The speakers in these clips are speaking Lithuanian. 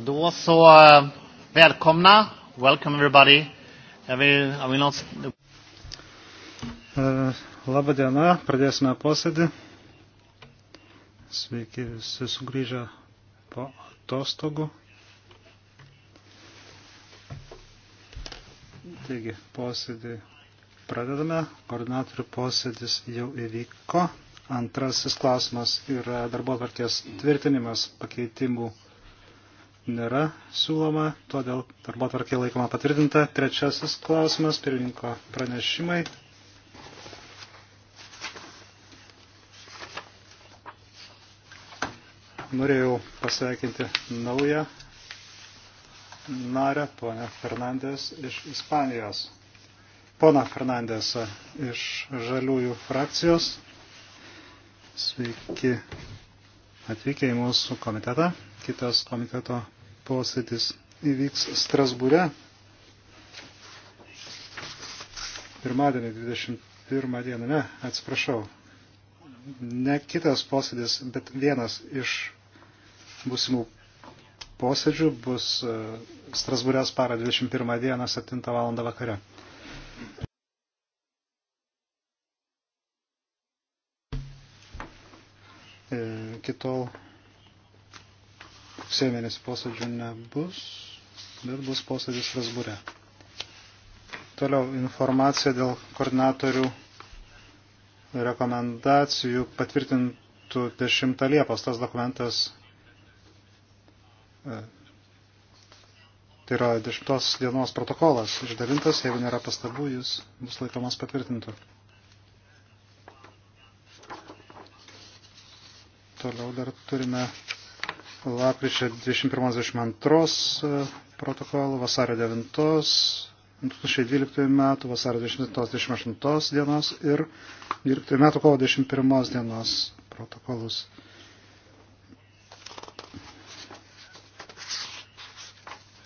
Då så, eh, välkomna. Welcome everybody. Jag vill, jag vill not... Eh, Labą dieną, pradėsime posėdį. Sveiki visi sugrįžę po atostogų. Taigi, posėdį pradedame. Koordinatorių posėdis jau įvyko. Antrasis klausimas yra darbo tvarkės tvirtinimas pakeitimų nėra siūloma, todėl darbo tvarkė laikoma patvirtinta. Trečiasis klausimas, pirmininko pranešimai. Norėjau pasveikinti naują narę, ponę Fernandės iš Ispanijos. Pona Fernandėsą iš Žaliųjų frakcijos. Sveiki atvykę į mūsų komitetą. Kitas komiteto posėdis įvyks Strasbūre. Pirmadienį 21 dieną, ne, atsiprašau. Ne kitas posėdis, bet vienas iš būsimų posėdžių bus e, Strasbūre spara 21 dieną 7 val. vakare. E, kitol rugsėjo mėnesį posėdžių nebus, bet bus posėdis Rasbūre. Toliau informacija dėl koordinatorių rekomendacijų patvirtintų 10 Liepos. Tas dokumentas, e, tai yra 10 dienos protokolas išdalintas, jeigu nėra pastabų, jis bus laikomas patvirtintų. Toliau dar turime lapkričio 21-22 e, protokolų, vasario 9, 2012 metų, vasario 27-28 dienos ir 12 metų kovo 21 dienos protokolus.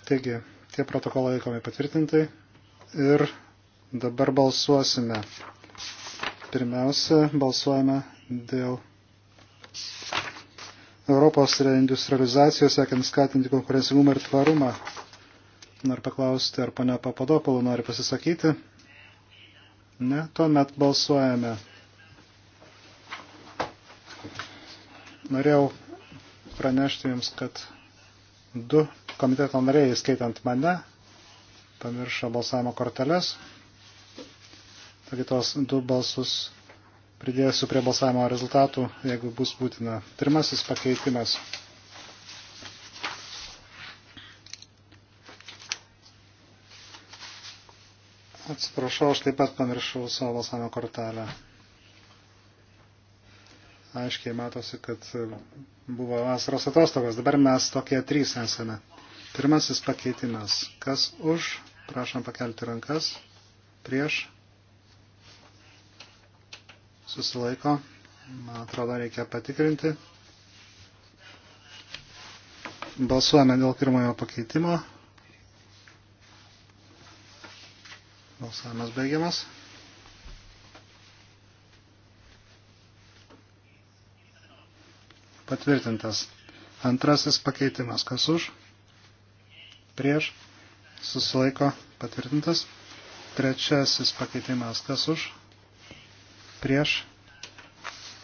Taigi, tie protokolai laikomi patvirtintai ir dabar balsuosime. Pirmiausia, balsuojame dėl Europos reindustrializacijos, siekiant skatinti konkurencingumą ir tvarumą. Noriu paklausti, ar ponia Papadopolų nori pasisakyti. Ne, tuomet balsuojame. Norėjau pranešti Jums, kad du komiteto nariai, skaitant mane, pamiršo balsavimo korteles. Taigi tos du balsus pridėsiu prie balsavimo rezultatų, jeigu bus būtina. Pirmasis pakeitimas. Atsiprašau, aš taip pat pamiršau savo balsavimo kortelę. Aiškiai matosi, kad buvo vasaros atostogos. Dabar mes tokie trys esame. Pirmasis pakeitimas. Kas už? Prašom pakelti rankas. Prieš susilaiko. Man atrodo, reikia patikrinti. Balsuojame dėl pirmojo pakeitimo. Balsavimas baigiamas. Patvirtintas. Antrasis pakeitimas. Kas už? Prieš. Susilaiko. Patvirtintas. Trečiasis pakeitimas. Kas už? prieš,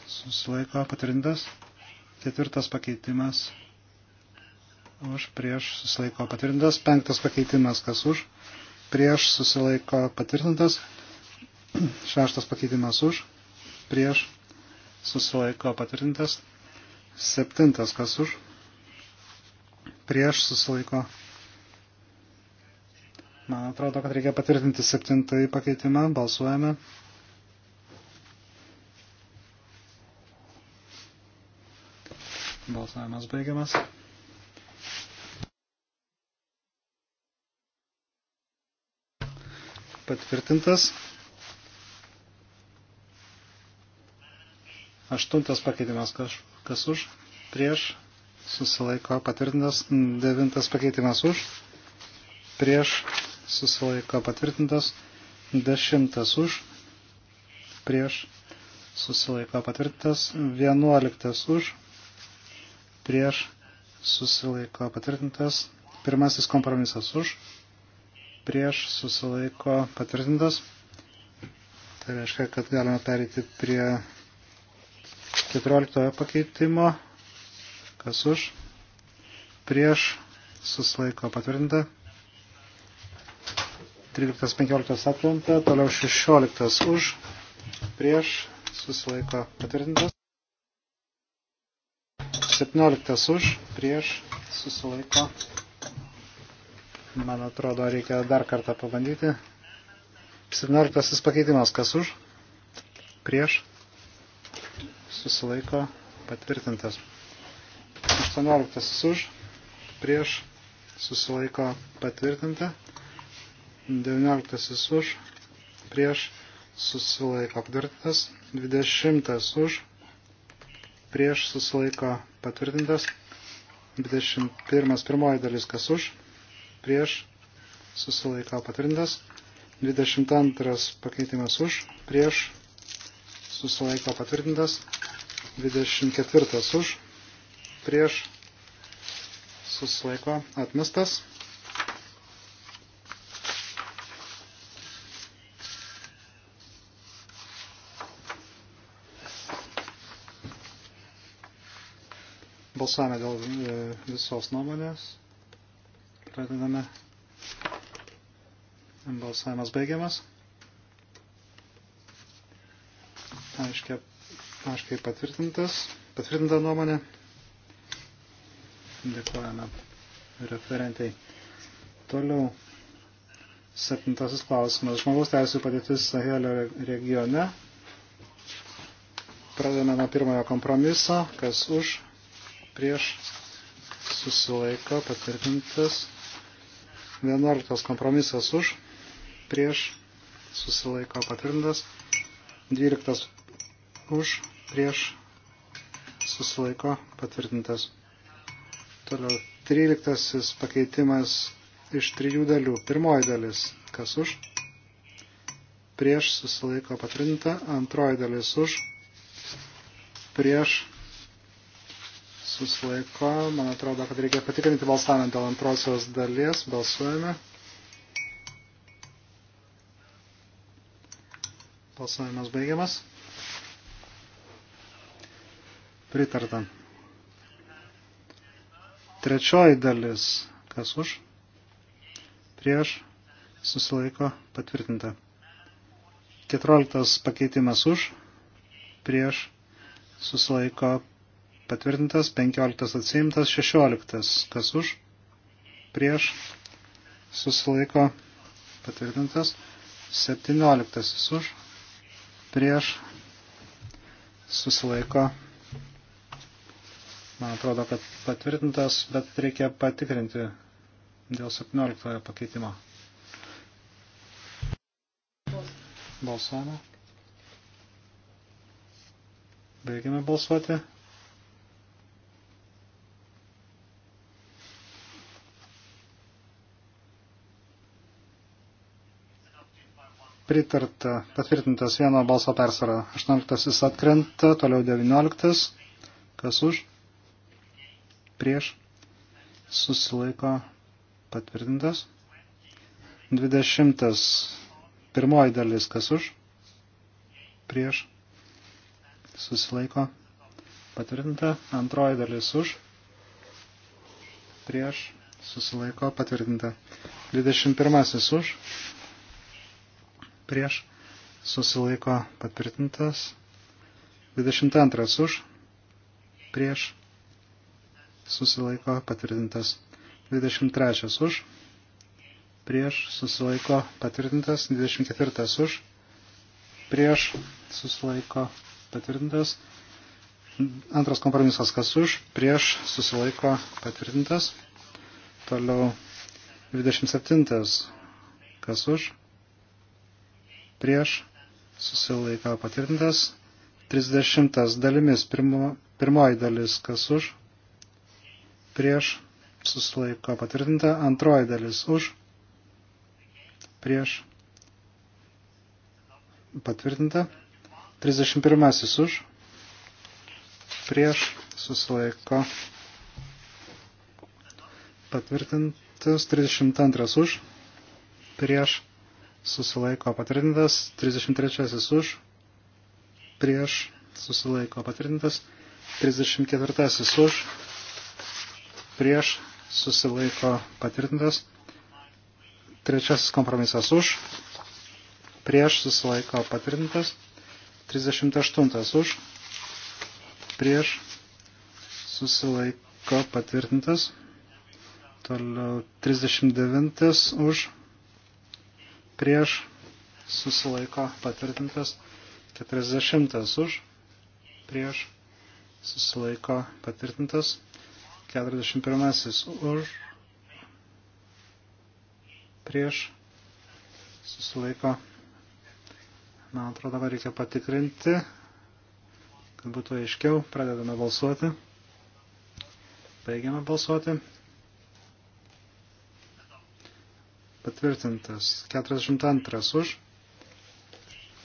susilaiko patvirtintas. Ketvirtas pakeitimas už, prieš, susilaiko patvirtintas. Penktas pakeitimas kas už, prieš, susilaiko patvirtintas. Šeštas pakeitimas už, prieš, susilaiko patvirtintas. Septintas kas už, prieš, susilaiko patvirtintas. Man atrodo, kad reikia patvirtinti septintąjį pakeitimą. Balsuojame. Balsavimas baigiamas. Patvirtintas. Aštuntas pakeitimas kas, kas už, prieš, susilaiko patvirtintas. Devintas pakeitimas už, prieš, susilaiko patvirtintas. Dešimtas už, prieš, susilaiko patvirtintas. Vienuoliktas už, prieš prieš, susilaiko patvirtintas. Pirmasis kompromisas už, prieš, susilaiko patvirtintas. Tai reiškia, kad galime perėti prie 14 pakeitimo. Kas už, prieš, susilaiko patvirtinta. 13.15 atkrenta, toliau 16 už, prieš, susilaiko patvirtintas. 17 už, prieš, susilaiko. Man atrodo, reikia dar kartą pabandyti. 17 pakeitimas, kas už, prieš, susilaiko, patvirtintas. 18 už, prieš, susilaiko, patvirtinta. 19 už, prieš, susilaiko, patvirtintas. 20 už, prieš susilaiko patvirtintas. 21. Pirmoji dalis kas už, prieš, susilaiko patvirtintas. 22. Pakeitimas už, prieš, susilaiko patvirtintas. 24. Už, prieš, susilaiko atmestas. Balsuojame dėl e, visos nuomonės. Pradedame. Balsavimas baigiamas. Aiškiai, aiškiai patvirtintas. Patvirtinta nuomonė. Dėkojame referentai. Toliau. Septintasis klausimas. Žmogaus teisų padėtis Sahelio regione. Pradedame nuo pirmojo kompromiso. Kas už? prieš susilaiko patvirtintas. 11 kompromisas už prieš susilaiko patvirtintas. 12 už prieš susilaiko patvirtintas. Toliau 13 pakeitimas iš trijų dalių. Pirmoji dalis kas už prieš susilaiko patvirtinta. Antroji dalis už prieš susilaiko. Man atrodo, kad reikia patikrinti balsavimą dėl antrosios dalies. Balsuojame. Balsavimas baigiamas. Pritarta. Trečioji dalis. Kas už? Prieš. Susilaiko. Patvirtinta. Keturioliktas pakeitimas už. Prieš susilaiko patvirtintas, 15 atsiimtas, 16 kas už, prieš, susilaiko, patvirtintas, 17 už, prieš, susilaiko, man atrodo, kad patvirtintas, bet reikia patikrinti dėl 17 pakeitimo. Balsuojame. Baigiame balsuoti. pritarta, patvirtintas vieno balso persvara. 18 atkrenta, toliau 19. Kas už? Prieš. Susilaiko patvirtintas. 20. Pirmoji dalis. Kas už? Prieš. Susilaiko patvirtinta. Antroji dalis už. Prieš. Susilaiko patvirtinta. 21. už prieš susilaiko patvirtintas. 22 už prieš susilaiko patvirtintas. 23 už prieš susilaiko patvirtintas. 24 už prieš susilaiko patvirtintas. Antras kompromisas kas už prieš susilaiko patvirtintas. Toliau 27 kas už prieš, susilaiko patvirtintas. 30 dalimis, pirmo, pirmoji dalis, kas už, prieš, susilaiko patvirtinta, antroji dalis už, prieš, patvirtinta, 31 už, prieš, susilaiko patvirtintas, 32 už, prieš, susilaiko patvirtintas, 33 už, prieš susilaiko patvirtintas, 34 už, prieš susilaiko patvirtintas, trečiasis kompromisas už, prieš susilaiko patvirtintas, 38 už, prieš susilaiko patvirtintas, toliau 39 už, prieš susilaiko patvirtintas, 40 už prieš susilaiko patvirtintas, 41 už prieš susilaiko. Man atrodo, dabar reikia patikrinti, kad būtų aiškiau. Pradedame balsuoti. Baigiame balsuoti. patvirtintas. 42 už,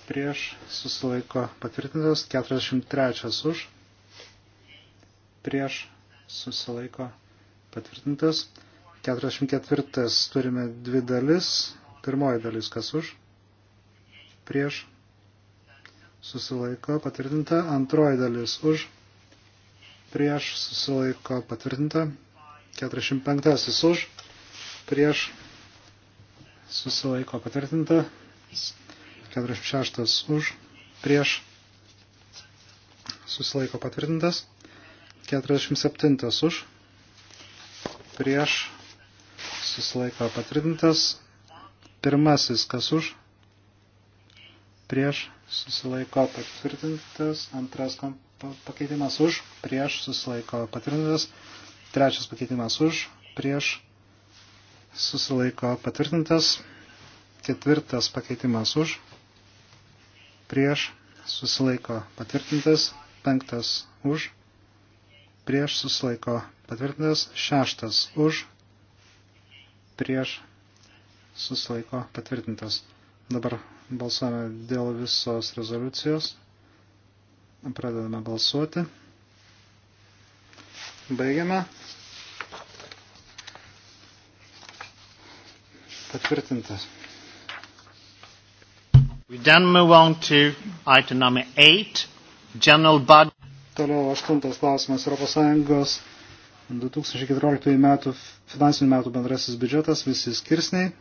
prieš susilaiko patvirtintas. 43 už, prieš susilaiko patvirtintas. 44 turime dvi dalis. Pirmoji dalis kas už, prieš susilaiko patvirtinta. Antroji dalis už, prieš susilaiko patvirtinta. 45 už, prieš susilaiko patvirtinta, 46 už, prieš, susilaiko patvirtintas, 47 už, prieš, susilaiko patvirtintas, pirmasis kas už, prieš, susilaiko patvirtintas, antras pakeitimas už, prieš, susilaiko patvirtintas, trečias pakeitimas už, prieš, susilaiko patvirtintas, ketvirtas pakeitimas už, prieš susilaiko patvirtintas, penktas už, prieš susilaiko patvirtintas, šeštas už, prieš susilaiko patvirtintas. Dabar balsuojame dėl visos rezoliucijos. Pradedame balsuoti. Baigiame. Patvirtintas. We then move on to item number 8, general budget. Toliau aštuntas klausimas ES 2014 metų finansinių metų bendrasis biudžetas, visi skirsniai.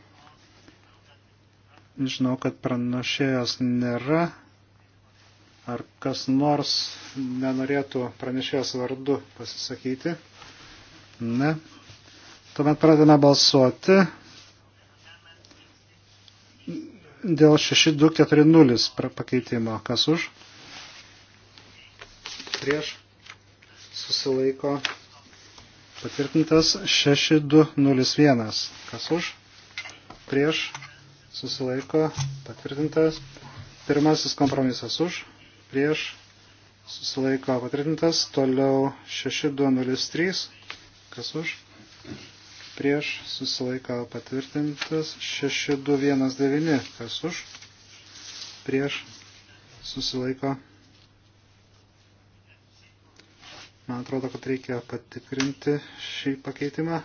Žinau, kad pranešėjos nėra. Ar kas nors nenorėtų pranešėjos vardu pasisakyti? Ne. Tuomet pradame balsuoti dėl 6240 pakeitimo. Kas už? Prieš susilaiko patvirtintas 6201. Kas už? Prieš susilaiko patvirtintas pirmasis kompromisas už. Prieš susilaiko patvirtintas toliau 6203. Kas už? prieš susilaiko patvirtintas 6219, kas už, prieš susilaiko. Man atrodo, kad reikia patikrinti šį pakeitimą.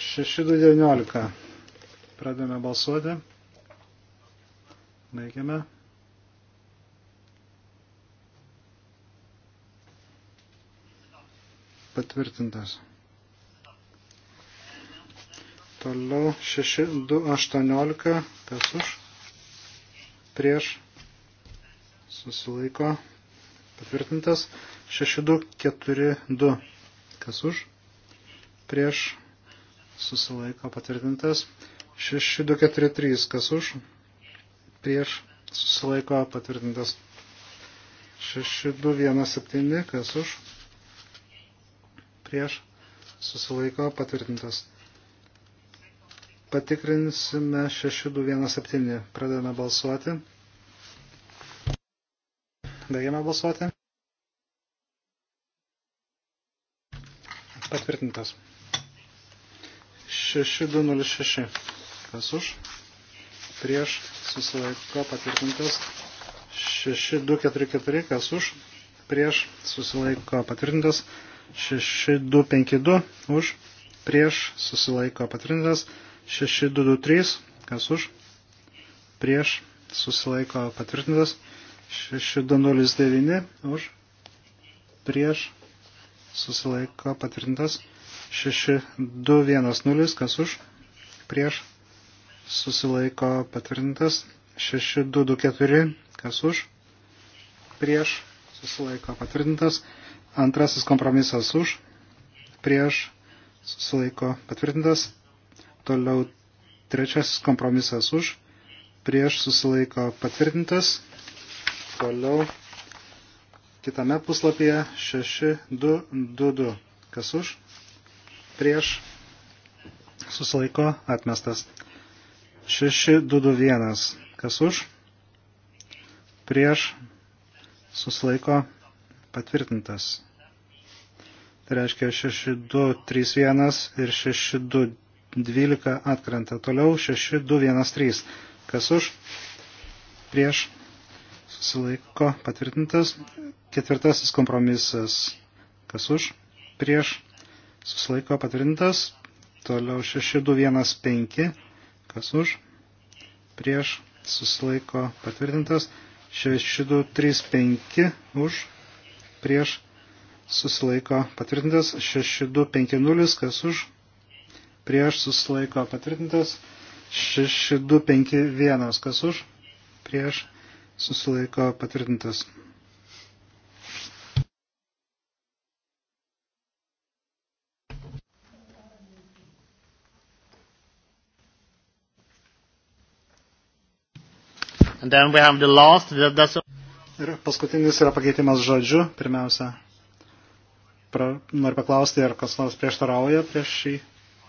6.19. Pradame balsuoti. Baigiame. Patvirtintas. Toliau 6218, kas už, prieš, susilaiko, patvirtintas, 6242, kas už, prieš, susilaiko, patvirtintas, 6243, kas už, prieš, susilaiko, patvirtintas, 6217, kas už, prieš, susilaiko, patvirtintas. Patikrinsime 6217. Pradedame balsuoti. Baigiame balsuoti. Patvirtintas. 6206. Kas už? Prieš susilaiko patvirtintas. 6244. Kas už? Prieš susilaiko patvirtintas. 6252. Už. Prieš susilaiko patvirtintas. 6253 623, kas už, prieš, susilaiko patvirtintas, 6209 už, prieš, susilaiko patvirtintas, 6210, kas už, prieš, susilaiko patvirtintas, 6224, kas už, prieš, susilaiko patvirtintas, antrasis kompromisas už, prieš, susilaiko patvirtintas, Toliau trečiasis kompromisas už, prieš susilaiko patvirtintas. Toliau kitame puslapyje 6222. Kas už? Prieš susilaiko atmestas. 6221. Kas už? Prieš susilaiko patvirtintas. Tai reiškia 6231 ir 62. 12 atkrenta. Toliau 6213. Kas už? Prieš. Susilaiko patvirtintas. Ketvirtasis kompromisas. Kas už? Prieš. Susilaiko patvirtintas. Toliau 6215. Kas už? Prieš. Susilaiko patvirtintas. 6235 už. Prieš. Susilaiko patvirtintas. 6250. Kas už? prieš susilaiko patvirtintas, 6251 kas už, prieš susilaiko patvirtintas. And then we have the last, that, that's... Ir paskutinis yra pakeitimas žodžiu, pirmiausia. Pra, noriu paklausti, ar kas nors prieštarauja prieš šį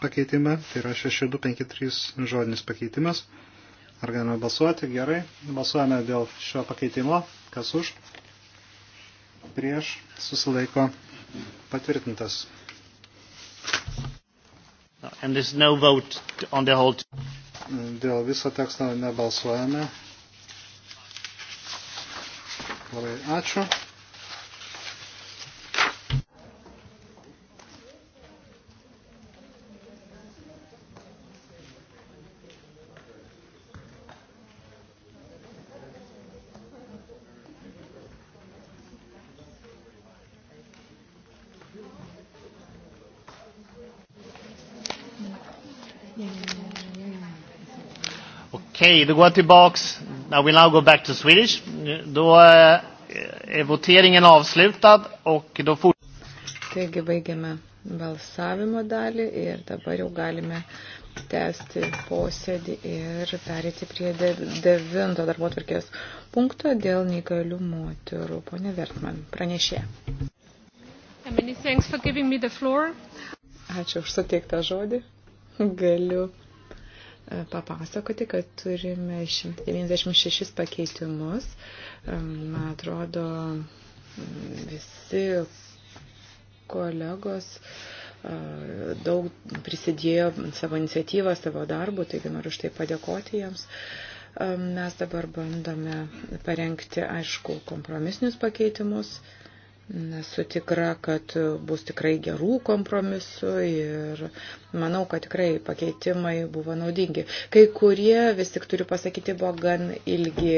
pakeitimą, tai yra 6253 žodinis pakeitimas. Ar galime balsuoti? Gerai. Balsuojame dėl šio pakeitimo. Kas už? Prieš susilaiko patvirtintas. And there's no vote on the whole. Dėl viso teksto nebalsuojame. Labai ačiū. Okej, okay, då går jag tillbaks. I will now go back to Swedish. Då eh, är voteringen avslutad och då fort... Taigi baigiame balsavimo dalį ir dabar jau galime tęsti posėdį ir perėti prie devinto darbo tvarkės punkto dėl neįgalių moterų. Pone Vertman, pranešė. Ačiū už suteiktą žodį. Galiu papasakoti, kad turime 196 pakeitimus. Man atrodo, visi kolegos daug prisidėjo savo iniciatyvą, savo darbų, taigi noriu už tai padėkoti jiems. Mes dabar bandome parengti, aišku, kompromisinius pakeitimus. Nesu tikra, kad bus tikrai gerų kompromisų ir manau, kad tikrai pakeitimai buvo naudingi. Kai kurie, vis tik turiu pasakyti, buvo gan ilgi,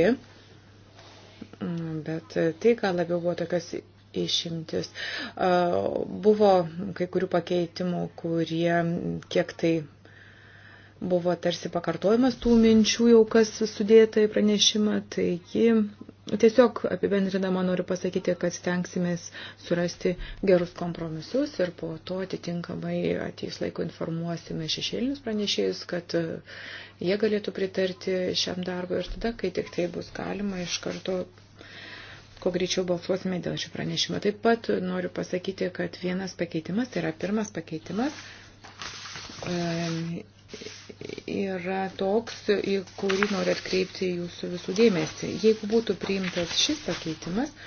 bet tai, ką labiau buvo tokios išimtis, buvo kai kurių pakeitimų, kurie kiek tai buvo tarsi pakartojimas tų minčių jau, kas sudėta į pranešimą, taigi Tiesiog apibendrinama noriu pasakyti, kad stengsimės surasti gerus kompromisus ir po to atitinkamai ateis laiko informuosime šešėlinius pranešėjus, kad e, jie galėtų pritarti šiam darbui ir tada, kai tik tai bus galima, iš karto kuo greičiau balsuosime dėl šio pranešimo. Taip pat noriu pasakyti, kad vienas pakeitimas, tai yra pirmas pakeitimas, e, yra toks, į kurį noriu atkreipti jūsų visų dėmesį. Jeigu būtų priimtas šis pakeitimas,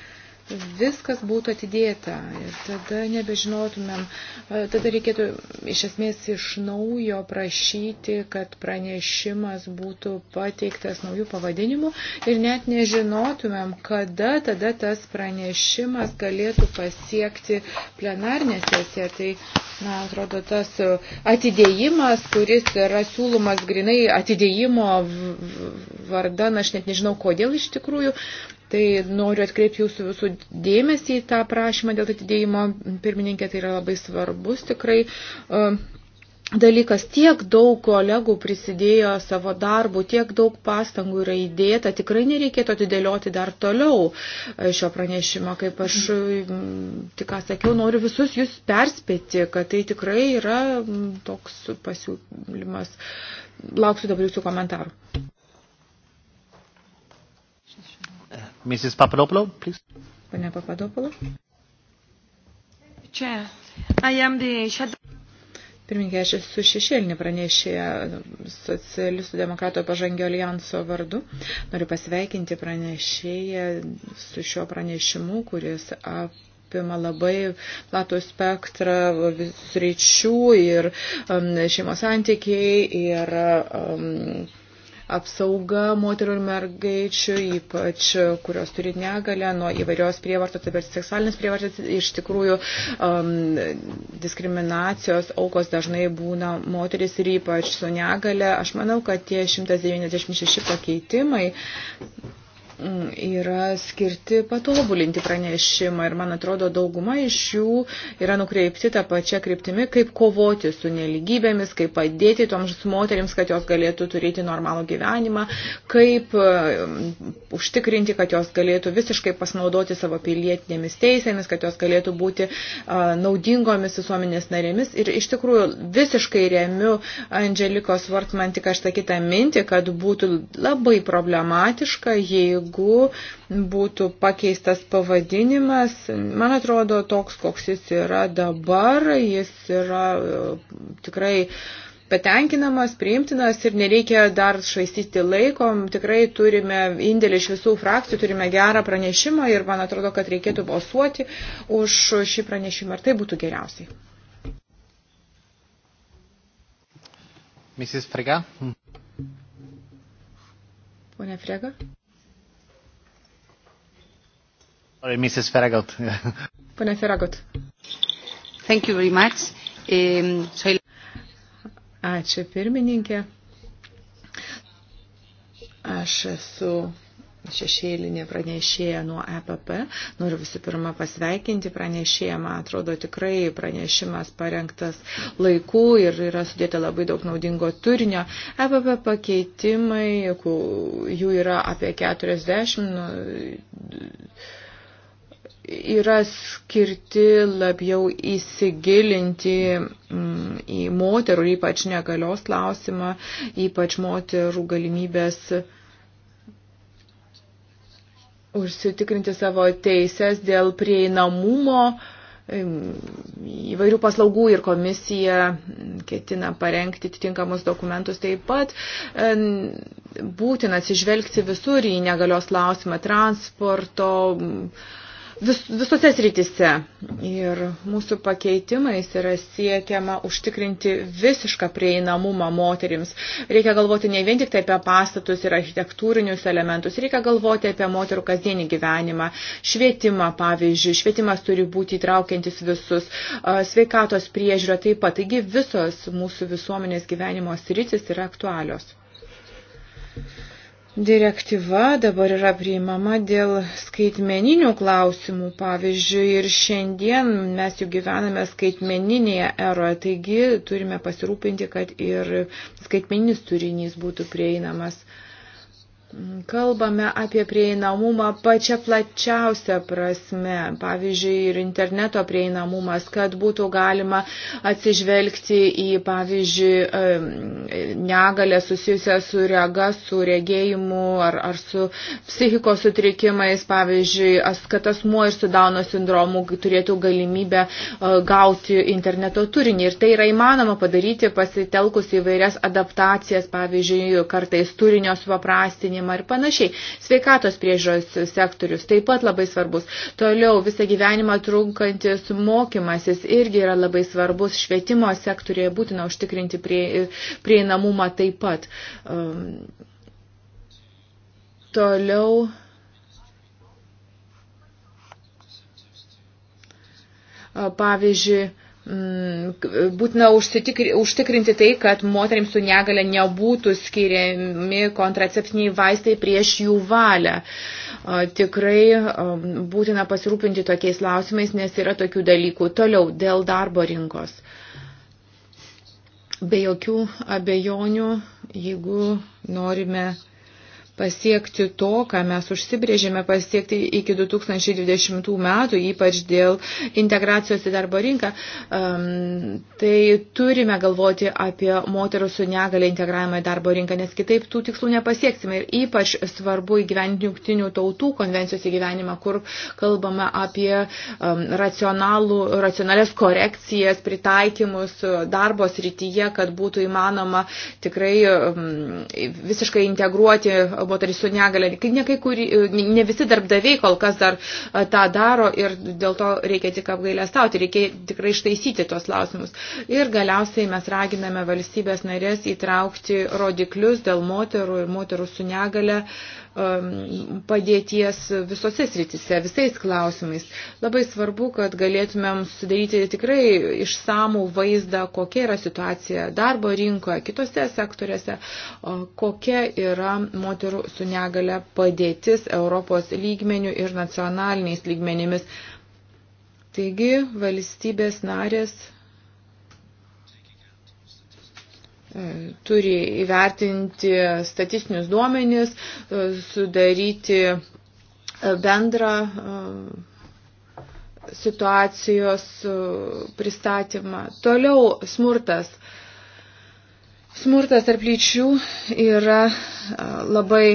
viskas būtų atidėta ir tada nebežinotumėm, e, tada reikėtų iš esmės iš naujo prašyti, kad pranešimas būtų pateiktas naujų pavadinimų ir net nežinotumėm, kada tada tas pranešimas galėtų pasiekti plenarnę sesiją. Tai, na, atrodo, tas atidėjimas, kuris yra siūlomas grinai atidėjimo vardan, aš net nežinau kodėl iš tikrųjų, Tai noriu atkreipti jūsų visų dėmesį į tą prašymą dėl atidėjimo pirmininkė, tai yra labai svarbus tikrai. E, dalykas tiek daug kolegų prisidėjo savo darbų, tiek daug pastangų yra įdėta, tikrai nereikėtų atidėlioti dar toliau e, šio pranešimo. Kaip aš tik ką sakiau, noriu visus jūs perspėti, kad tai tikrai yra toks pasiūlymas. Lauksiu dabar jūsų komentarų. Mrs. Papadopoulou, please. Pane Papadopoulou. Čia. I am the shadow. Pirmininkė, aš esu šešėlinė pranešėja socialistų demokrato pažangio alijanso vardu. Noriu pasveikinti pranešėją su šiuo pranešimu, kuris apima labai platų spektrą sričių ir um, šeimos santykiai ir um, apsauga moterų ir mergaičių, ypač kurios turi negalę nuo įvairios prievartos, taip ir seksualinės prievartos, iš tikrųjų um, diskriminacijos aukos dažnai būna moteris ir ypač su negale. Aš manau, kad tie 196 pakeitimai yra skirti patobulinti pranešimą ir man atrodo dauguma iš jų yra nukreipti tą pačią kryptimį, kaip kovoti su neligybėmis, kaip padėti toms moteriams, kad jos galėtų turėti normalų gyvenimą, kaip um, užtikrinti, kad jos galėtų visiškai pasinaudoti savo pilietinėmis teisėmis, kad jos galėtų būti naudingomis visuomenės narėmis. Ir iš tikrųjų visiškai remiu Angelikos Vortman tik aš tą kitą mintį, kad būtų labai problematiška, jeigu jeigu būtų pakeistas pavadinimas, man atrodo, toks, koks jis yra dabar, jis yra e, tikrai patenkinamas, priimtinas ir nereikia dar švaistyti laiko. Tikrai turime indėlį iš visų frakcijų, turime gerą pranešimą ir man atrodo, kad reikėtų balsuoti už šį pranešimą. Ar tai būtų geriausiai? Mrs. Frega. Pone Frega. Mrs. Feragot. Pane Feragot. Thank you very much. Um, soy... Ačiū pirmininkė. Aš esu šešėlinė pranešėja nuo EPP. Noriu visų pirma pasveikinti pranešėją. Man atrodo, tikrai pranešimas parengtas laiku ir yra sudėta labai daug naudingo turinio. EPP pakeitimai, jų yra apie 40 yra skirti labiau įsigilinti mm, į moterų, ypač negalios klausimą, ypač moterų galimybės užsitikrinti savo teises dėl prieinamumo mm, įvairių paslaugų ir komisija ketina parengti atitinkamus dokumentus taip pat. Mm, būtina atsižvelgti visur į negalios klausimą transporto, vis, visose srityse. Ir mūsų pakeitimais yra siekiama užtikrinti visišką prieinamumą moterims. Reikia galvoti ne vien tik tai apie pastatus ir architektūrinius elementus, reikia galvoti apie moterų kasdienį gyvenimą, švietimą, pavyzdžiui. Švietimas turi būti įtraukiantis visus, sveikatos priežiūra taip pat. Taigi visos mūsų visuomenės gyvenimo sritis yra aktualios. Thank you direktyva dabar yra priimama dėl skaitmeninių klausimų, pavyzdžiui, ir šiandien mes jau gyvename skaitmeninėje eroje, taigi turime pasirūpinti, kad ir skaitmeninis turinys būtų prieinamas. Kalbame apie prieinamumą pačią plačiausią prasme, pavyzdžiui, ir interneto prieinamumas, kad būtų galima atsižvelgti į, pavyzdžiui, negalę susijusią su rega, su regėjimu ar, ar su psichikos sutrikimais, pavyzdžiui, kad asmuo ir su Dauno sindromu turėtų galimybę e, gauti interneto turinį. Ir tai yra įmanoma padaryti pasitelkus įvairias adaptacijas, pavyzdžiui, kartais turinio supaprastinį gerinimą ir panašiai. Sveikatos priežiūros sektorius taip pat labai svarbus. Toliau visą gyvenimą trunkantis mokymasis irgi yra labai svarbus. Švietimo sektorėje būtina užtikrinti prie, prieinamumą taip pat. Um, toliau. Pavyzdžiui, Mm, būtina užtikrinti tai, kad moteriams su negale nebūtų skiriami kontraceptiniai vaistai prieš jų valią. Tikrai um, būtina pasirūpinti tokiais klausimais, nes yra tokių dalykų. Toliau, dėl darbo rinkos. Be jokių abejonių, jeigu norime pasiekti to, ką mes užsibrėžėme pasiekti iki 2020 metų, ypač dėl integracijos į darbo rinką, um, tai turime galvoti apie moterų su negale integravimą į darbo rinką, nes kitaip tų tikslų nepasieksime. Ir ypač svarbu įgyventi jungtinių tautų konvencijos įgyvenimą, kur kalbame apie um, racionalų, racionalės korekcijas, pritaikymus e, darbo srityje, kad būtų įmanoma tikrai um, visiškai integruoti moteris su negale. Ne, kai kuri, e, ne visi darbdaviai kol kas dar e, tą daro ir dėl to reikia tik apgailę stauti, reikia tikrai ištaisyti tuos klausimus. Ir galiausiai mes raginame valstybės narės įtraukti rodiklius dėl moterų ir moterų su negale. Uh, Um, padėties visose sritise, visais klausimais. Labai svarbu, kad galėtumėm sudaryti tikrai išsamų vaizdą, kokia yra situacija darbo rinkoje, kitose sektoriuose, kokia yra moterų su negale padėtis Europos lygmenių ir nacionaliniais lygmenimis. Taigi valstybės narės turi įvertinti statistinius duomenis, e, sudaryti e, bendrą e, situacijos pristatymą. Toliau smurtas. Smurtas tarp lyčių yra labai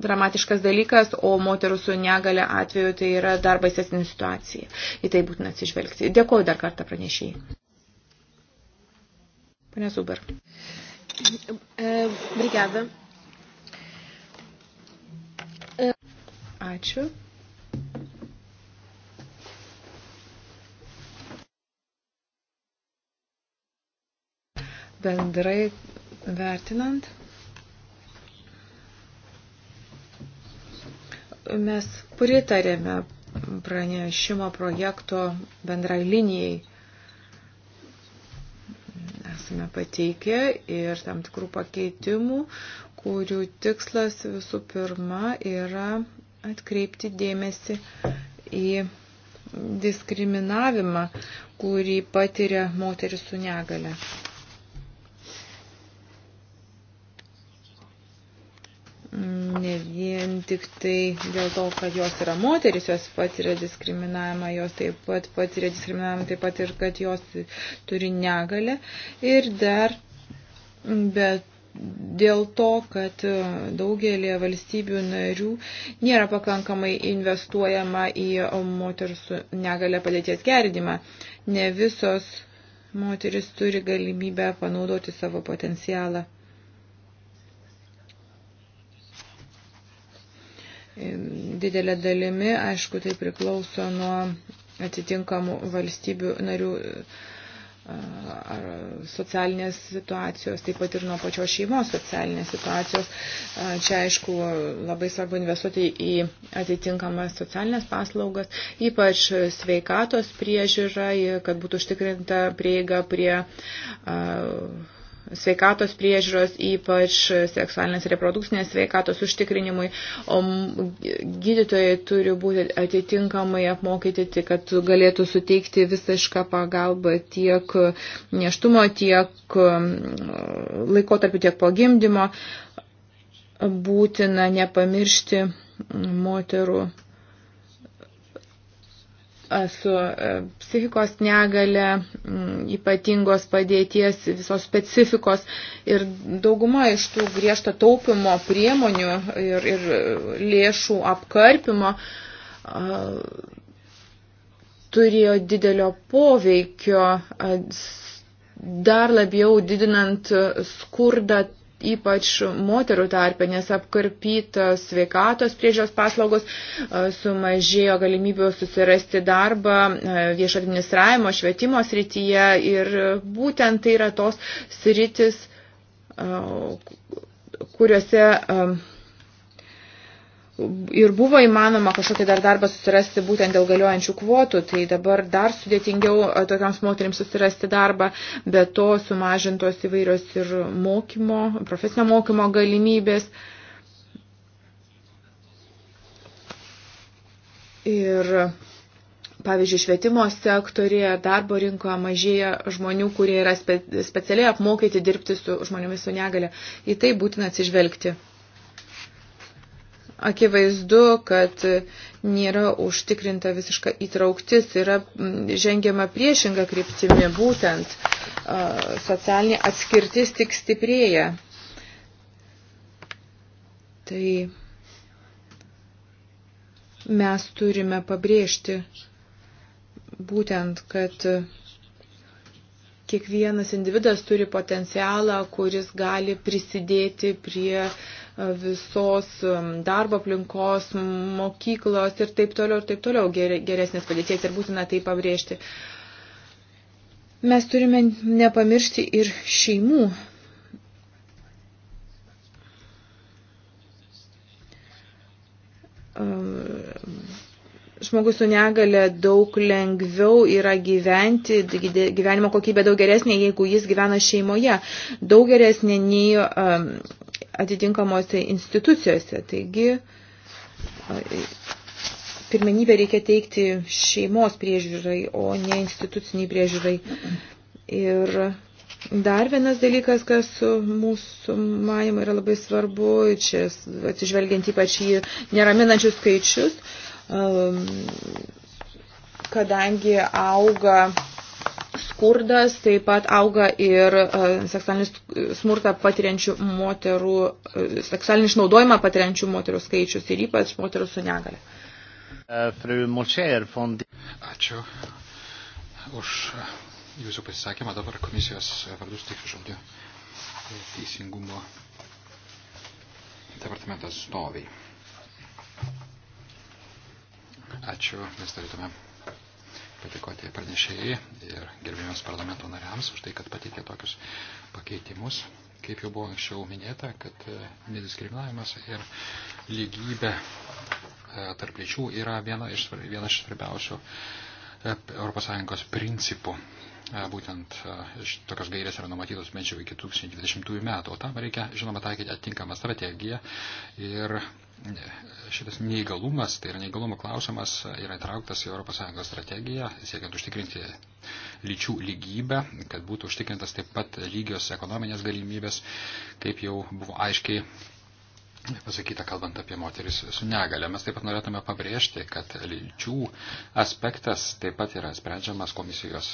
dramatiškas dalykas, o moterų su negale atveju tai yra dar baisesnė situacija. Į tai būtina atsižvelgti. Dėkuoju dar kartą pranešėjai. Pane Zuber. E, brigada. E, Ačiū. Bendrai vertinant, mes pritarėme pranešimo projekto bendrai linijai esame pateikę ir tam tikrų pakeitimų, kurių tikslas visų pirma yra atkreipti dėmesį į diskriminavimą, kurį patiria moteris su negale. ne vien tik tai dėl to, kad jos yra moteris, jos patiria diskriminavimą, jos taip pat patiria diskriminavimą, taip pat ir kad jos turi negalę. Ir dar, bet dėl to, kad daugelį valstybių narių nėra pakankamai investuojama į moterų su negalė padėties gerdimą. Ne visos moteris turi galimybę panaudoti savo potencialą. Didelė dalimi, aišku, tai priklauso nuo atitinkamų valstybių narių ar socialinės situacijos, taip pat ir nuo pačios šeimos socialinės situacijos. Čia, aišku, labai svarbu investuoti į atitinkamas socialinės paslaugas, ypač sveikatos priežiūrą, kad būtų užtikrinta prieiga prie uh, sveikatos priežiūros, ypač seksualinės reprodukcinės sveikatos užtikrinimui. O gydytojai turi būti atitinkamai apmokyti, kad galėtų suteikti visišką pagalbą tiek neštumo, tiek laikotarpiu, tiek po gimdymo. Būtina nepamiršti moterų su e, psichikos negale, ypatingos padėties, visos specifikos ir dauguma iš tų griežto taupimo priemonių ir, ir lėšų apkarpimo turėjo didelio poveikio dar labiau didinant skurdą ypač moterų tarpe, nes apkarpytos sveikatos priežios paslaugos, e, sumažėjo galimybių susirasti darbą e, viešo administravimo, švietimo srityje ir būtent tai yra tos sritis, e, kuriuose ir buvo įmanoma kažkokį dar darbą susirasti būtent dėl galiojančių kvotų, tai dabar dar sudėtingiau e, tokiams moteriams susirasti darbą, bet to sumažintos įvairios ir mokymo, profesinio mokymo galimybės. Ir pavyzdžiui, švietimo sektorėje, darbo rinkoje mažėja žmonių, kurie yra spe, specialiai apmokyti dirbti su žmonėmis su negale. Į tai būtina atsižvelgti akivaizdu, kad nėra užtikrinta visiška įtrauktis, yra žengiama priešinga kryptimi, būtent socialinė atskirtis tik stiprėja. Tai mes turime pabrėžti būtent, kad kiekvienas individas turi potencialą, kuris gali prisidėti prie uh, visos um, darbo aplinkos, mokyklos ir taip toliau, ir taip toliau geresnės padėties ir būtina tai pabrėžti. Mes turime nepamiršti ir šeimų. Um, žmogus su negale daug lengviau yra gyventi, gyvenimo kokybė daug geresnė, jeigu jis gyvena šeimoje. Daug geresnė nei um, atitinkamose institucijose. Taigi, pirmenybę reikia teikti šeimos priežiūrai, o ne instituciniai priežiūrai. Ir Dar vienas dalykas, kas mūsų manimo yra labai svarbu, čia atsižvelgiant ypač į neraminančius skaičius, kadangi auga skurdas, taip pat auga ir e, seksualinį smurtą patiriančių moterų, e, seksualinį išnaudojimą patiriančių moterų skaičius ir ypač moterų su negale. E, Ačiū už jūsų pasisakymą. Dabar komisijos vardus tik žodžiu tai teisingumo departamentas stoviai. Ačiū, mes turėtume padėkoti pranešėjai ir gerbėjams parlamento nariams už tai, kad pateikė tokius pakeitimus. Kaip jau buvo anksčiau minėta, kad e, nediskriminavimas ir lygybė e, tarp lyčių yra viena iš, viena iš svarbiausių ES principų. E, būtent tokios gairės yra numatytos bent jau iki 2020 metų, o tam reikia, žinoma, taikyti atitinkamą strategiją ir šitas neįgalumas, tai yra neįgalumo klausimas, yra įtrauktas į ES strategiją, siekiant užtikrinti lyčių lygybę, kad būtų užtikrintas taip pat lygios ekonominės galimybės, kaip jau buvo aiškiai pasakyta, kalbant apie moteris su negale. Mes taip pat norėtume pabrėžti, kad lyčių aspektas taip pat yra sprendžiamas komisijos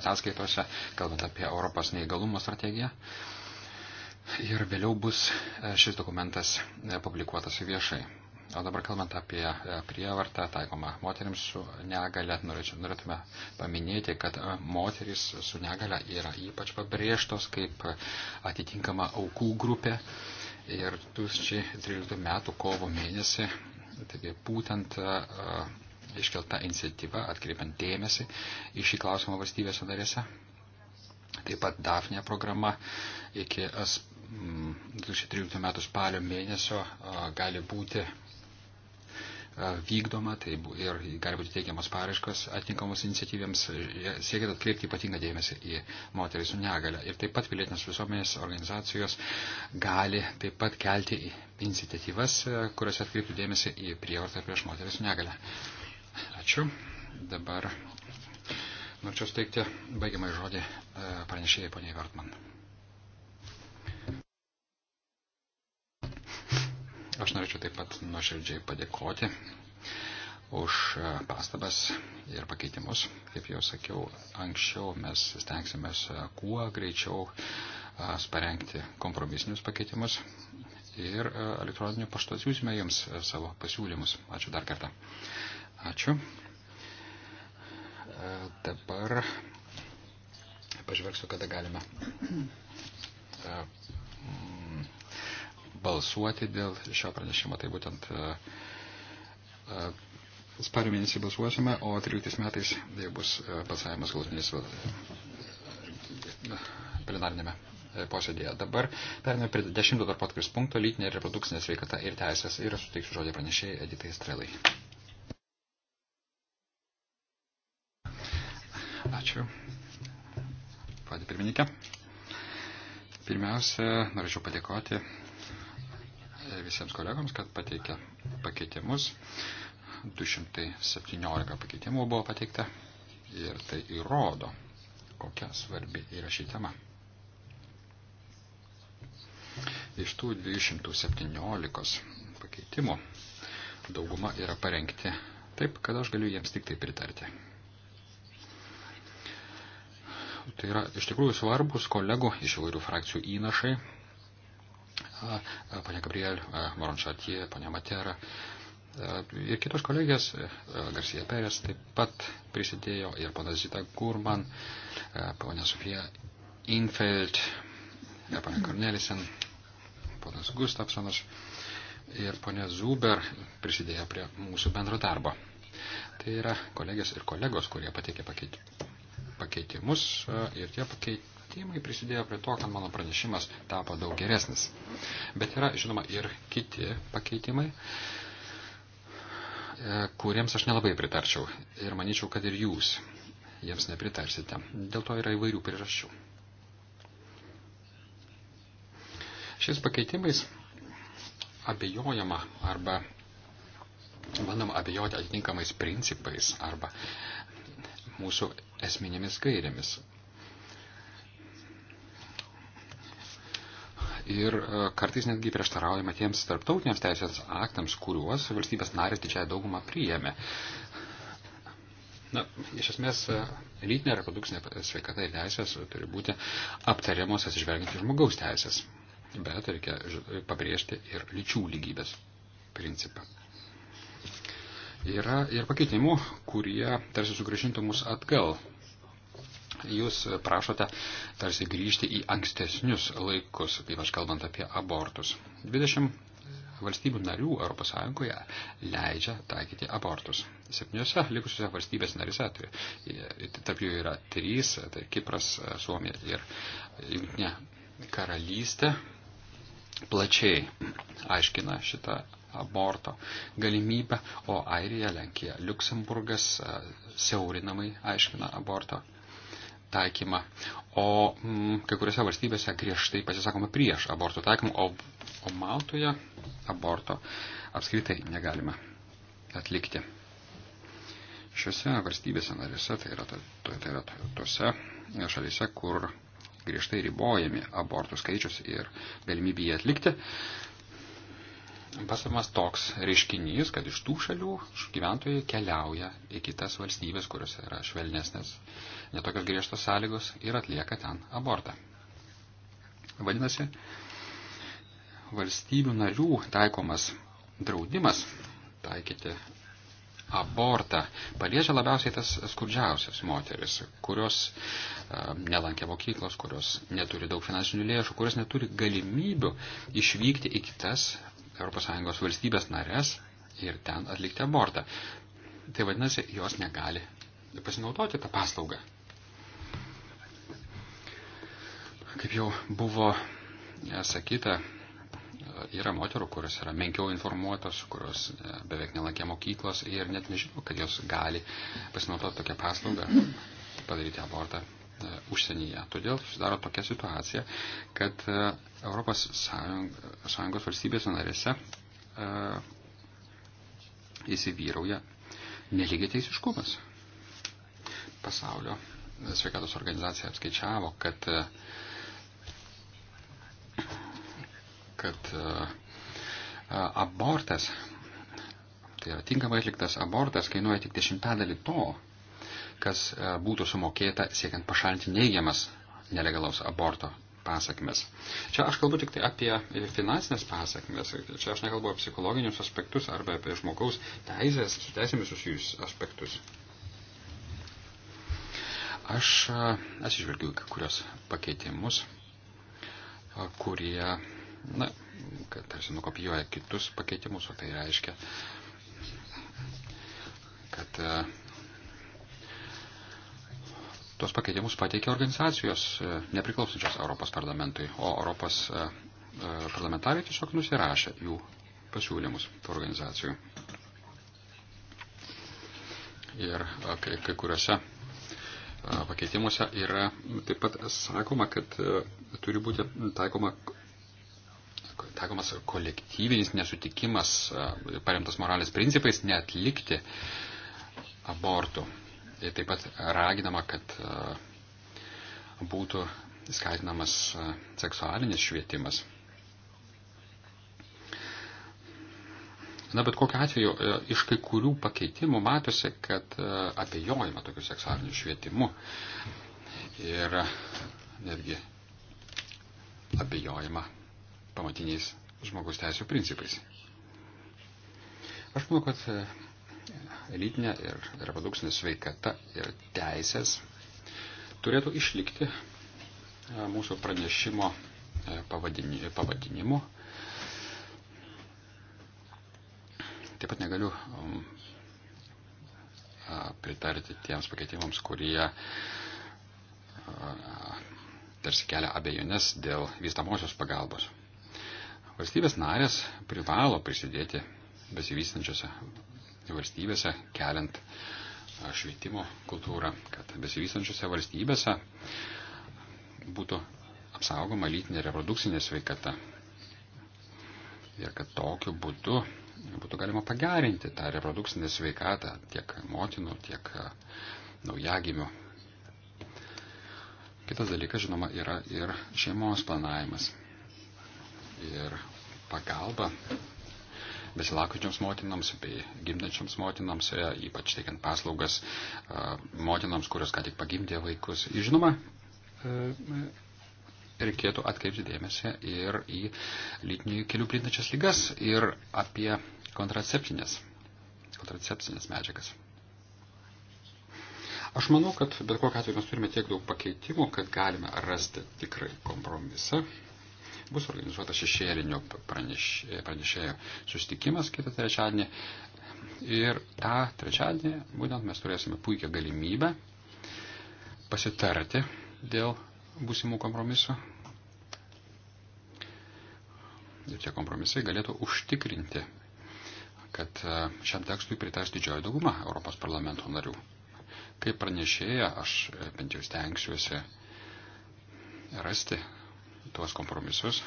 ataskaitose, kalbant apie Europos neįgalumo strategiją ir vėliau bus e, šis dokumentas e, publikuotas viešai. O dabar kalbant apie e, prievartą taikomą moteriams su negale, norėčiau, norėtume paminėti, kad moteris su negale yra ypač pabrėžtos kaip atitinkama aukų grupė. Ir 2013 metų kovo mėnesį, taigi būtent iškelta iniciatyva atkreipiant dėmesį į šį klausimą valstybėse darėse. Taip pat DAFNE programa iki 2013 mm, m. spalio mėnesio gali būti vykdoma tai ir gali būti teikiamas paraiškos atinkamos iniciatyvėms, siekiant atkreipti ypatingą dėmesį į moterį su negale. Ir taip pat pilietinės visuomenės organizacijos gali taip pat kelti iniciatyvas, kurios atkreiptų dėmesį į prievartą prieš moterį su negale. Ačiū. Dabar norėčiau steigti baigiamąjį žodį pranešėjai poniai Vertman. Aš norėčiau taip pat nuoširdžiai padėkoti už e, pastabas ir pakeitimus. Kaip jau sakiau, anksčiau mes stengsimės e, kuo greičiau e, parengti kompromisinius pakeitimus ir elektroniniu paštu atsiųsime jums savo pasiūlymus. Ačiū dar kartą. Ačiū. Dabar pažvelgsiu, kada galime balsuoti dėl šio pranešimo. Tai būtent e, e, spario mėnesį balsuosime, o 13 metais jau tai bus e, balsavimas galutinis plenarinėme posėdėje. Dabar perėmė prie 10 darbotkris punkto lytinė ir reprodukcinė sveikata ir teisės ir suteiksiu žodį pranešėjai Editai Strelai. Ačiū. Padė pirmininkė. Pirmiausia, norėčiau padėkoti visiems kolegams, kad pateikė pakeitimus. 217 pakeitimų buvo pateikta ir tai įrodo, kokia svarbi yra ši tema. Iš tų 217 pakeitimų dauguma yra parengti taip, kad aš galiu jiems tik tai pritarti. Tai yra iš tikrųjų svarbus kolegų iš įvairių frakcijų įnašai ponia Gabriel, Moronšatie, ponia Matera. Ir kitos kolegės, Garcija Perės taip pat prisidėjo ir pana Zita Gurman, pana Sofija Infeld, pana Kornelisen, ponas Gustafsonas ir ponia Zuber prisidėjo prie mūsų bendro darbo. Tai yra kolegės ir kolegos, kurie pateikė pakeitimus ir tie pakeitimus tyrimai prisidėjo prie to, kad mano pranešimas tapo daug geresnis. Bet yra, žinoma, ir kiti pakeitimai, e, kuriems aš nelabai pritarčiau. Ir manyčiau, kad ir jūs jiems nepritarsite. Dėl to yra įvairių priežasčių. Šiais pakeitimais abejojama arba bandoma abejoti atitinkamais principais arba mūsų esminėmis gairėmis, ir e, kartais netgi prieštaraujama tiems tarptautiniams teisės aktams, kuriuos valstybės narės didžiąją daugumą priėmė. Na, iš esmės, e, lytinė reprodukcinė sveikata ir teisės turi būti aptariamos atsižvelgiant į žmogaus teisės, bet reikia pabrėžti ir lyčių lygybės principą. Yra ir pakeitimų, kurie tarsi sugražintų mus atgal jūs prašote tarsi grįžti į ankstesnius laikus, ypač kalbant apie abortus. 20 valstybių narių ES leidžia taikyti abortus. Septyniose likusiuose valstybės narise, tai, tarp jų yra trys, tai Kipras, Suomija ir Junktinė karalystė, plačiai aiškina šitą aborto galimybę, o Airija, Lenkija, Luksemburgas siaurinamai aiškina aborto taikymą, o mm, kai kuriuose valstybėse griežtai pasisakoma prieš aborto taikymą, o, o Maltoje aborto apskritai negalima atlikti. Šiuose valstybėse narėse, tai yra, tai yra tose šalyse, kur griežtai ribojami abortų skaičius ir galimybė jį atlikti, pasamas toks reiškinys, kad iš tų šalių gyventojai keliauja į kitas valstybės, kuriuose yra švelnesnės, netokios griežtos sąlygos ir atlieka ten abortą. Vadinasi, valstybių narių taikomas draudimas taikyti abortą paliečia labiausiai tas skurdžiausias moteris, kurios e, nelankė mokyklos, kurios neturi daug finansinių lėšų, kurios neturi galimybių išvykti į kitas ES valstybės narės ir ten atlikti abortą. Tai vadinasi, jos negali pasinaudoti tą paslaugą. Kaip jau buvo e, sakyta, e, yra moterų, kurios yra menkiau informuotos, kurios e, beveik nelankė mokyklos ir net nežino, kad jos gali pasinaudoti tokią paslaugą, padaryti abortą E, užsienyje. Todėl susidaro tokia situacija, kad e, Europos Sąjungos valstybės narėse e, įsivyrauja nelygiai teisiškumas. Pasaulio sveikatos organizacija apskaičiavo, kad, kad abortas, tai yra tinkamai atliktas abortas, kainuoja tik dešimtadalį to, kas e, būtų sumokėta siekiant pašalinti neigiamas nelegalaus aborto pasakmes. Čia aš kalbu tik tai apie finansinės pasakmes, čia aš nekalbu apie psichologinius aspektus arba apie žmogaus teisės, su teisėmis susijusius aspektus. Aš e, atsižvelgiu kai kurios pakeitimus, e, kurie, na, tarsi nukopijuoja kitus pakeitimus, o tai reiškia, kad uh, Tuos pakeitimus pateikė organizacijos e, nepriklausančios Europos parlamentui, o Europos e, e, parlamentarai tiesiog nusirašė jų pasiūlymus tų organizacijų. Ir kai, kai kuriuose pakeitimuose yra taip pat sakoma, kad turi būti taikoma, taikomas kolektyvinis nesutikimas, paremtas moralės principais, neatlikti abortų taip pat raginama, kad e, būtų skatinamas e, seksualinis švietimas. Na, bet kokiu atveju, e, iš kai kurių pakeitimų matosi, kad abejojama tokiu seksualiniu švietimu. Ir netgi abejojama pamatiniais žmogus teisų principais. Aš manau, kad lytinė ir reprodukcinė sveikata ir teisės turėtų išlikti e, mūsų pranešimo e, pavadinimu. Taip pat negaliu um, pritarti tiems pakeitimams, kurie tarsi kelia abejonės dėl vystamosios pagalbos. Valstybės narės privalo prisidėti besivystančiose valstybėse, keliant švietimo kultūrą, kad besivystančiose valstybėse būtų apsaugoma lytinė reprodukcinė sveikata. Ir kad tokiu būdu būtų galima pagerinti tą reprodukcinę sveikatą tiek motinų, tiek naujagimių. Kitas dalykas, žinoma, yra ir šeimos planavimas. Ir pagalba besilaukiančioms motinams bei gimdančioms motinams, e, ypač teikiant paslaugas e, motinams, kurios ką tik pagimdė vaikus. Ir žinoma, e, reikėtų atkreipti dėmesį ir į lytinių kelių plintačias lygas ir apie kontracepcinės, kontracepcinės medžiagas. Aš manau, kad bet kokiu atveju mes turime tiek daug pakeitimų, kad galime rasti tikrai kompromisą Bus organizuotas šešėlinių pranešėjų susitikimas kitą trečiadienį. Ir tą trečiadienį būtent mes turėsime puikią galimybę pasitarti dėl būsimų kompromisų. Ir tie kompromisai galėtų užtikrinti, kad e, šiam tekstui pritars didžioji dauguma Europos parlamento narių. Kaip pranešėja, aš e, bent jau stengsiuosi rasti tuos kompromisus,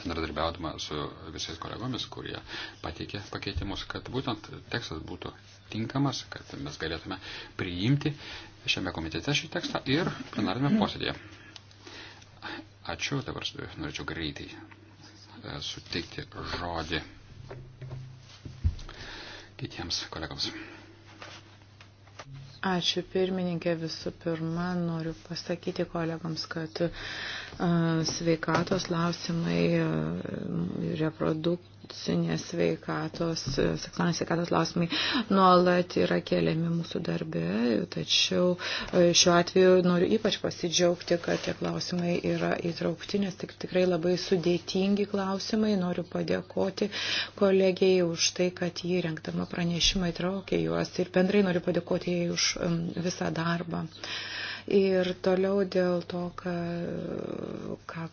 bendradarbiaudama su visais kolegomis, kurie pateikė pakeitimus, kad būtent tekstas būtų tinkamas, kad mes galėtume priimti šiame komitete šį tekstą ir plenarinėme mhm. posėdėje. Ačiū, dabar norėčiau greitai e, suteikti žodį kitiems kolegams. Ačiū pirmininkė. Visų pirma, noriu pasakyti kolegams, kad sveikatos klausimai, reproduk, emocinės sveikatos, seksualinės sveikatos klausimai nuolat yra keliami mūsų darbe, tačiau e, šiuo atveju noriu ypač pasidžiaugti, kad tie klausimai yra įtraukti, nes tik, tikrai labai sudėtingi klausimai. Noriu padėkoti kolegijai už tai, kad jį renkdama pranešimą įtraukė juos ir bendrai noriu padėkoti jai už visą darbą. Ir toliau dėl to, ką, ką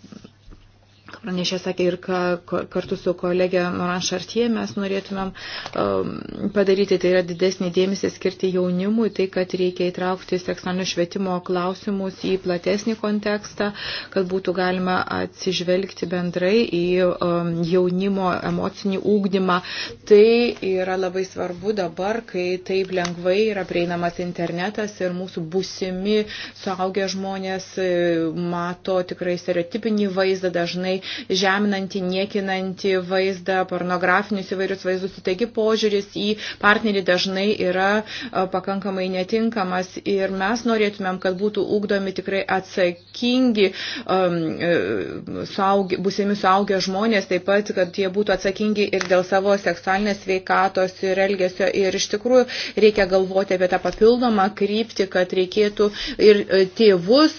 Pranešė sakė ir ka, kartu su kolegė Moran Šartie mes norėtumėm um, padaryti, tai yra didesnį dėmesį skirti jaunimui, tai kad reikia įtraukti seksualinio švietimo klausimus į platesnį kontekstą, kad būtų galima atsižvelgti bendrai į um, jaunimo emocinį ūkdymą. Tai yra labai svarbu dabar, kai taip lengvai yra prieinamas internetas ir mūsų busimi suaugę žmonės e, mato tikrai stereotipinį vaizdą dažnai žeminantį, niekinantį vaizdą, pornografinius įvairius vaizdus. Taigi požiūris į partnerį dažnai yra e, pakankamai netinkamas ir mes norėtumėm, kad būtų ugdomi tikrai atsakingi um, e, suaugi, busimi suaugę žmonės, taip pat, kad jie būtų atsakingi ir dėl savo seksualinės veikatos ir elgesio. Ir iš tikrųjų reikia galvoti apie tą papildomą kryptį, kad reikėtų ir e, tėvus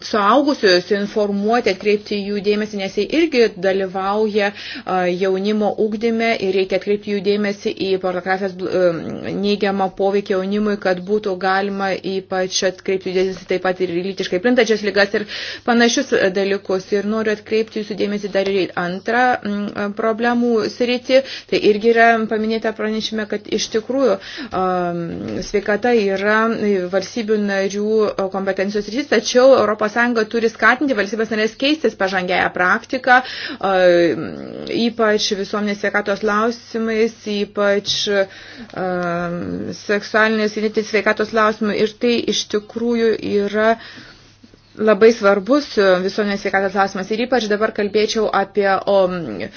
suaugusius informuoti, atkreipti jų dėmesį, nes tikriausiai irgi dalyvauja jaunimo ūkdyme ir reikia atkreipti jų dėmesį į pornografijos neigiamą poveikį jaunimui, kad būtų galima ypač atkreipti dėmesį taip pat ir lytiškai plintačias lygas ir panašius dalykus. Ir noriu atkreipti jūsų dėmesį dar ir antrą problemų sritį. Tai irgi yra paminėta pranešime, kad iš tikrųjų sveikata yra valstybių narių kompetencijos rytis, tačiau ES turi skatinti valstybės narės keistis pažangiają praktiką praktiką, ypač visuomenės sveikatos klausimais, ypač seksualinės ir sveikatos klausimais. Ir tai iš tikrųjų yra labai svarbus visuomenės sveikatos klausimas. Ir ypač dabar kalbėčiau apie o, e,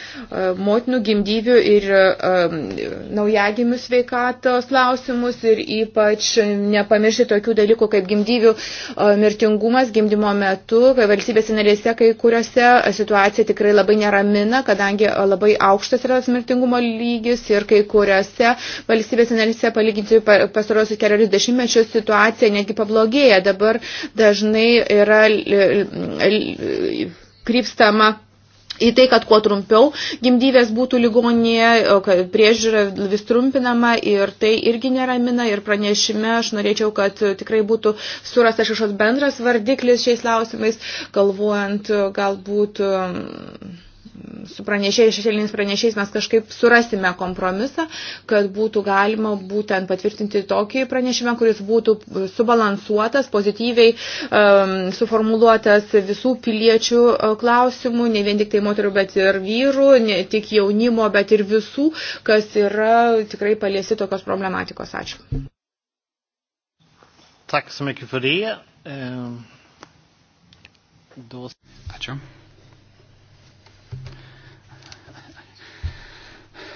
motinų gimdyvių ir o, e, naujagimių sveikatos klausimus ir ypač nepamiršti tokių dalykų kaip gimdyvių o, e, mirtingumas gimdymo metu, kai valstybės narėse kai kuriuose situacija tikrai labai neramina, kadangi labai aukštas yra tas mirtingumo lygis ir kai kuriuose valstybės narėse palyginti pastarosius keliarius dešimtmečius situacija netgi pablogėja. Dabar dažnai yra yra krypstama į tai, kad kuo trumpiau gimdybės būtų ligoninėje, kad priežiūra vis trumpinama ir tai irgi neramina ir pranešime aš norėčiau, kad tikrai būtų surastas kažkoks bendras vardiklis šiais klausimais, galvojant galbūt su pranešėjais, šešėliniais pranešėjais mes kažkaip surasime kompromisą, kad būtų galima būtent patvirtinti tokį pranešimą, kuris būtų subalansuotas, pozityviai um, suformuluotas visų piliečių uh, klausimų, ne vien tik tai moterų, bet ir vyrų, ne tik jaunimo, bet ir visų, kas yra tikrai paliesi tokios problematikos. Ačiū. Tack så mycket för det. Då... Ačiū.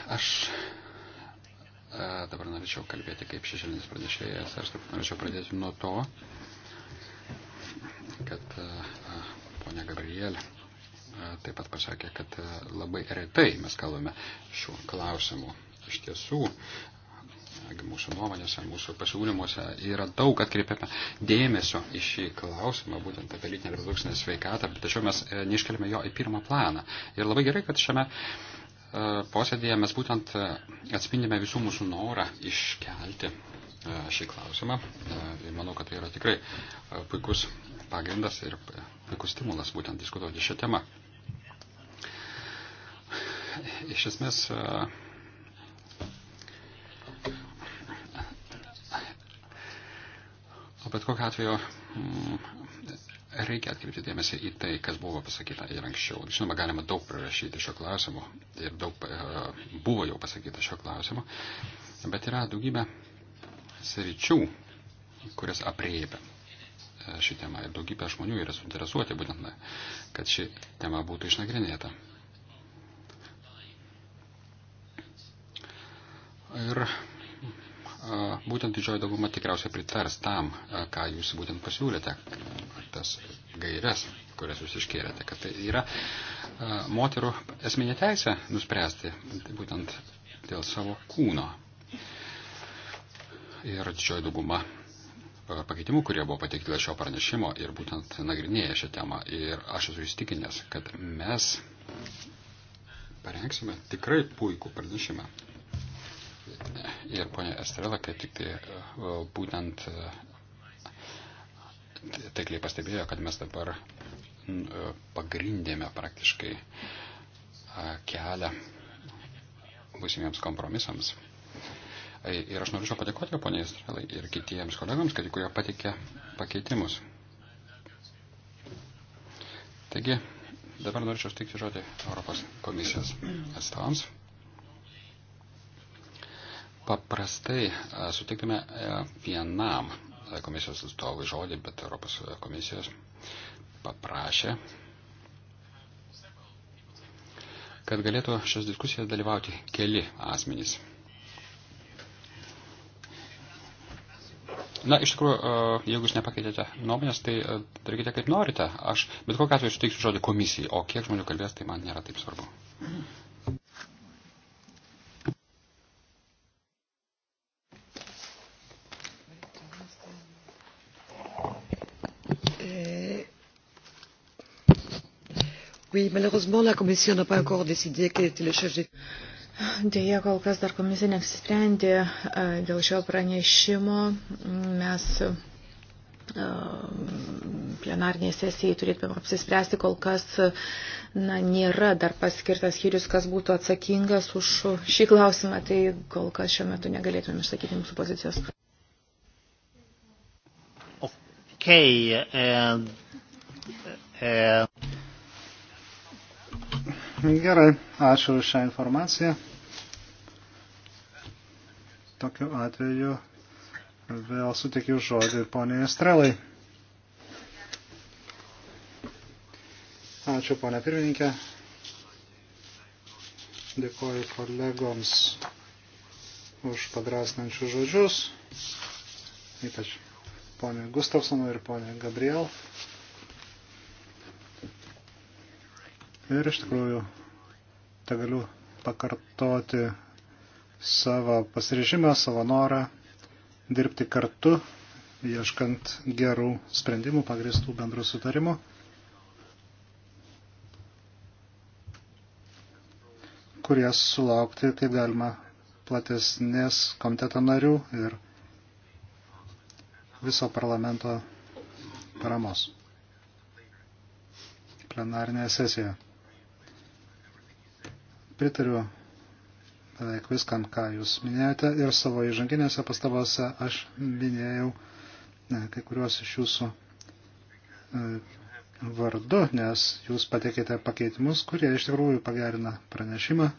Aš e, dabar norėčiau kalbėti kaip šešėlinis pranešėjas. Aš norėčiau pradėti nuo to, kad e, ponia Gabrielė e, taip pat pasakė, kad labai retai mes kalbame šiuo klausimu. Iš tiesų, mūsų nuomonėse, mūsų pasiūlymuose yra daug atkreipiame dėmesio į šį klausimą, būtent apie lytinę reprodukcinę sveikatą, tačiau mes neiškeliame jo į pirmą planą. Ir labai gerai, kad šiame uh, E, posėdėje mes būtent e, atspindime visų mūsų norą iškelti e, šį klausimą. Ir manau, kad tai yra tikrai puikus pagrindas ir puikus stimulas būtent diskutuoti šią temą. Iš esmės, bet kokiu atveju mm, reikia atkreipti dėmesį į tai, kas buvo pasakyta ir anksčiau. Žinoma, galima daug prirašyti šio klausimo ir daug e, buvo jau pasakyta šio klausimo, bet yra daugybė sričių, kurias apriepia e, ši tema ir daugybė žmonių yra suinteresuoti būtent, kad ši tema būtų išnagrinėta. Ir būtent didžioji dauguma tikriausiai pritars tam, ką jūs būtent pasiūlėte, tas gairias, kurias jūs iškėlėte, kad tai yra moterų esminė teisė nuspręsti būtent dėl savo kūno. Ir didžioji dauguma pakeitimų, kurie buvo pateikti dėl šio pranešimo ir būtent nagrinėja šią temą. Ir aš esu įstikinęs, kad mes parengsime tikrai puikų pranešimą ir ponia Estrela, kaip tik tai būtent e, taikliai pastebėjo, kad mes dabar e, pagrindėme praktiškai kelią būsimiems kompromisams. E, ir aš norėčiau padėkoti poniai Estrelai ir kitiems kolegams, kad kurie patikė pakeitimus. Taigi, dabar norėčiau stikti žodį Europos komisijos atstovams. Paprastai e, sutiktume e, vienam e, komisijos atstovui žodį, bet Europos komisijos paprašė, kad galėtų šios diskusijos dalyvauti keli asmenys. Na, iš tikrųjų, jeigu jūs nepakeitėte nuomonės, tai darykite kaip norite. Aš bet kokiu atveju suteiksiu žodį komisijai, o kiek žmonių kalbės, tai man nėra taip svarbu. Oui, malheureusement, la Commission n'a pas encore décidé quel était le chef de. Deja kol kas dar komisija neapsisprendė e, dėl šio pranešimo. Mes e, plenarniai sesijai turėtume apsispręsti, kol kas e, na, nėra dar paskirtas skyrius, kas būtų atsakingas už šį klausimą, tai kol kas šiuo metu negalėtume išsakyti mūsų pozicijos. Okay, and, and... Gerai, ačiū už šią informaciją. Tokiu atveju vėl sutikiu žodį poniai Estrelai. Ačiū, ponia pirmininkė. Dėkoju kolegoms už padrasnančius žodžius, ypač ponė Gustafsonui ir ponė Gabriel. Ir iš tikrųjų, te galiu pakartoti savo pasirežimą, savo norą dirbti kartu, ieškant gerų sprendimų pagristų bendrų sutarimų. kurie sulaukti, kaip galima, platesnės komiteto narių ir viso parlamento paramos plenarinėje sesijoje. Pritariu beveik viskam, ką jūs minėjote ir savo įžanginėse pastabose aš minėjau ne, kai kuriuos iš jūsų e, vardu, nes jūs patekėte pakeitimus, kurie iš tikrųjų pagerina pranešimą.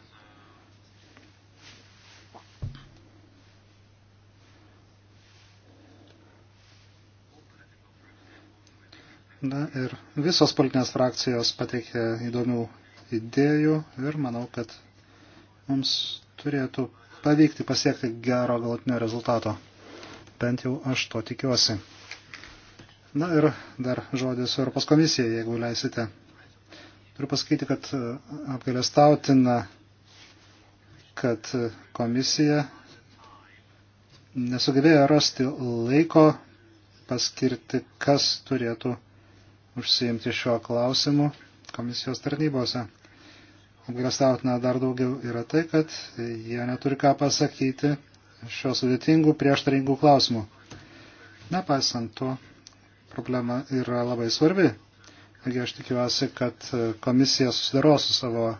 Na ir visos politinės frakcijos pateikė įdomių idėjų ir manau, kad mums turėtų pavykti pasiekti gero galutinio rezultato. Bent jau aš to tikiuosi. Na ir dar žodis Europos komisijai, jeigu leisite. Turiu pasakyti, kad e, apgailestautina, kad komisija nesugebėjo rasti laiko paskirti, kas turėtų užsiimti šiuo klausimu komisijos tarnybose apgrastautina dar daugiau yra tai, kad jie neturi ką pasakyti šio sudėtingų prieštaringų klausimų. Nepaisant to, problema yra labai svarbi. Taigi aš tikiuosi, kad komisija susidaro su savo e,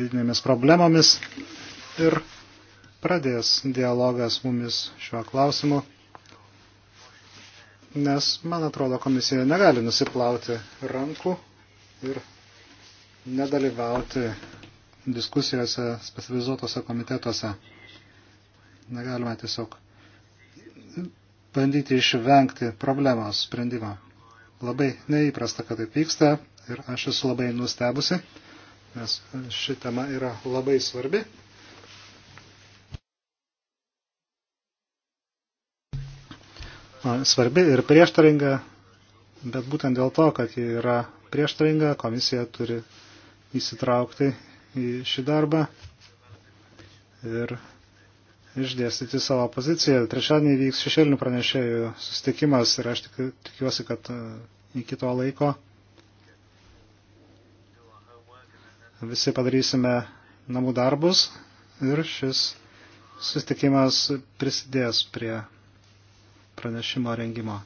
vidinėmis problemomis ir pradės dialogas mumis šiuo klausimu. Nes, man atrodo, komisija negali nusiplauti rankų ir nedalyvauti diskusijose specializuotose komitetuose. Negalime tiesiog bandyti išvengti problemos sprendimo. Labai neįprasta, kad taip vyksta ir aš esu labai nustebusi, nes ši tema yra labai svarbi. Svarbi ir prieštaringa, bet būtent dėl to, kad ji yra prieštaringa, komisija turi įsitraukti į šį darbą ir išdėstyti savo poziciją. Trečiadienį vyks šešėlinių pranešėjų susitikimas ir aš tik, tikiuosi, kad e, iki to laiko visi padarysime namų darbus ir šis susitikimas prisidės prie pranešimo rengimo.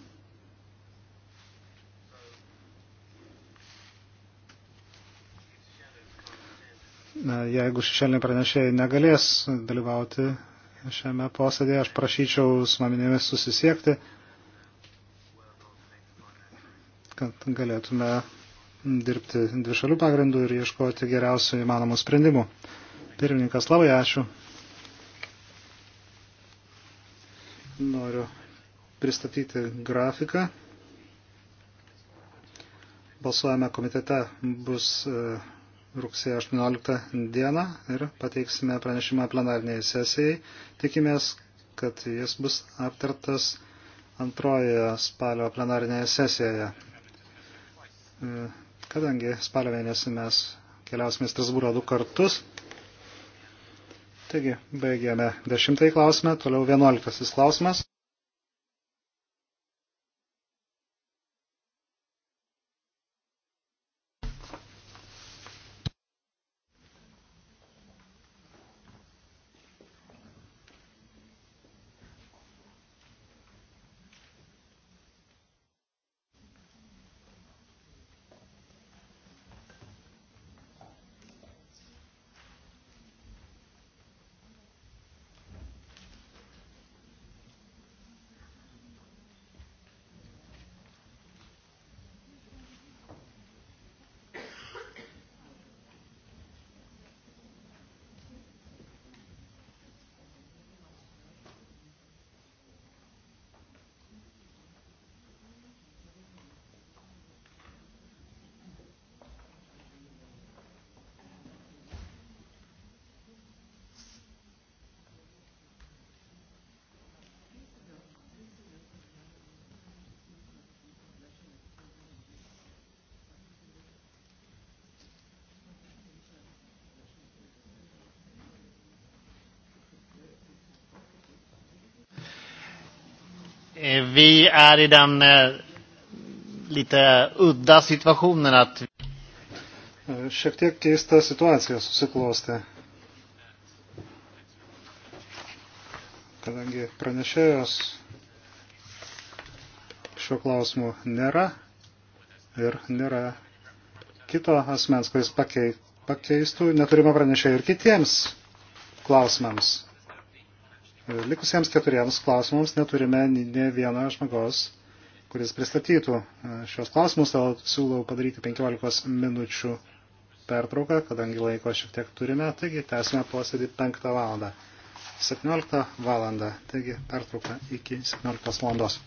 jeigu šešėliniai pranešėjai negalės dalyvauti šiame posėdėje, aš prašyčiau su maminėmis susisiekti, kad galėtume dirbti dvišalių pagrindų ir ieškoti geriausių įmanomų sprendimų. Pirmininkas, labai ačiū. Noriu pristatyti grafiką. Balsuojame komitete bus e, rugsėjo 18 dieną ir pateiksime pranešimą plenarniai sesijai. Tikimės, kad jis bus aptartas antrojoje spalio plenarinėje sesijoje. E, kadangi spalio mėnesį mes keliausime Strasbūro du kartus. Taigi, baigėme dešimtąjį klausimą, toliau vienuoliktasis klausimas. Vi är i den eh, lite udda situationen att... Šiek tiek keista situacija susiklostė. Kadangi pranešėjos šio klausimu nėra ir nėra kito asmens, kuris pakeistų, neturime pranešėjų ir kitiems klausimams. E, likusiems keturiems klausimams neturime ne vieno žmogaus, kuris pristatytų e, šios klausimus, tau siūlau padaryti 15 minučių pertrauką, kadangi laiko šiek tiek turime, taigi tęsime posėdį 5 valandą. 17 valandą, taigi pertrauka iki 17 valandos.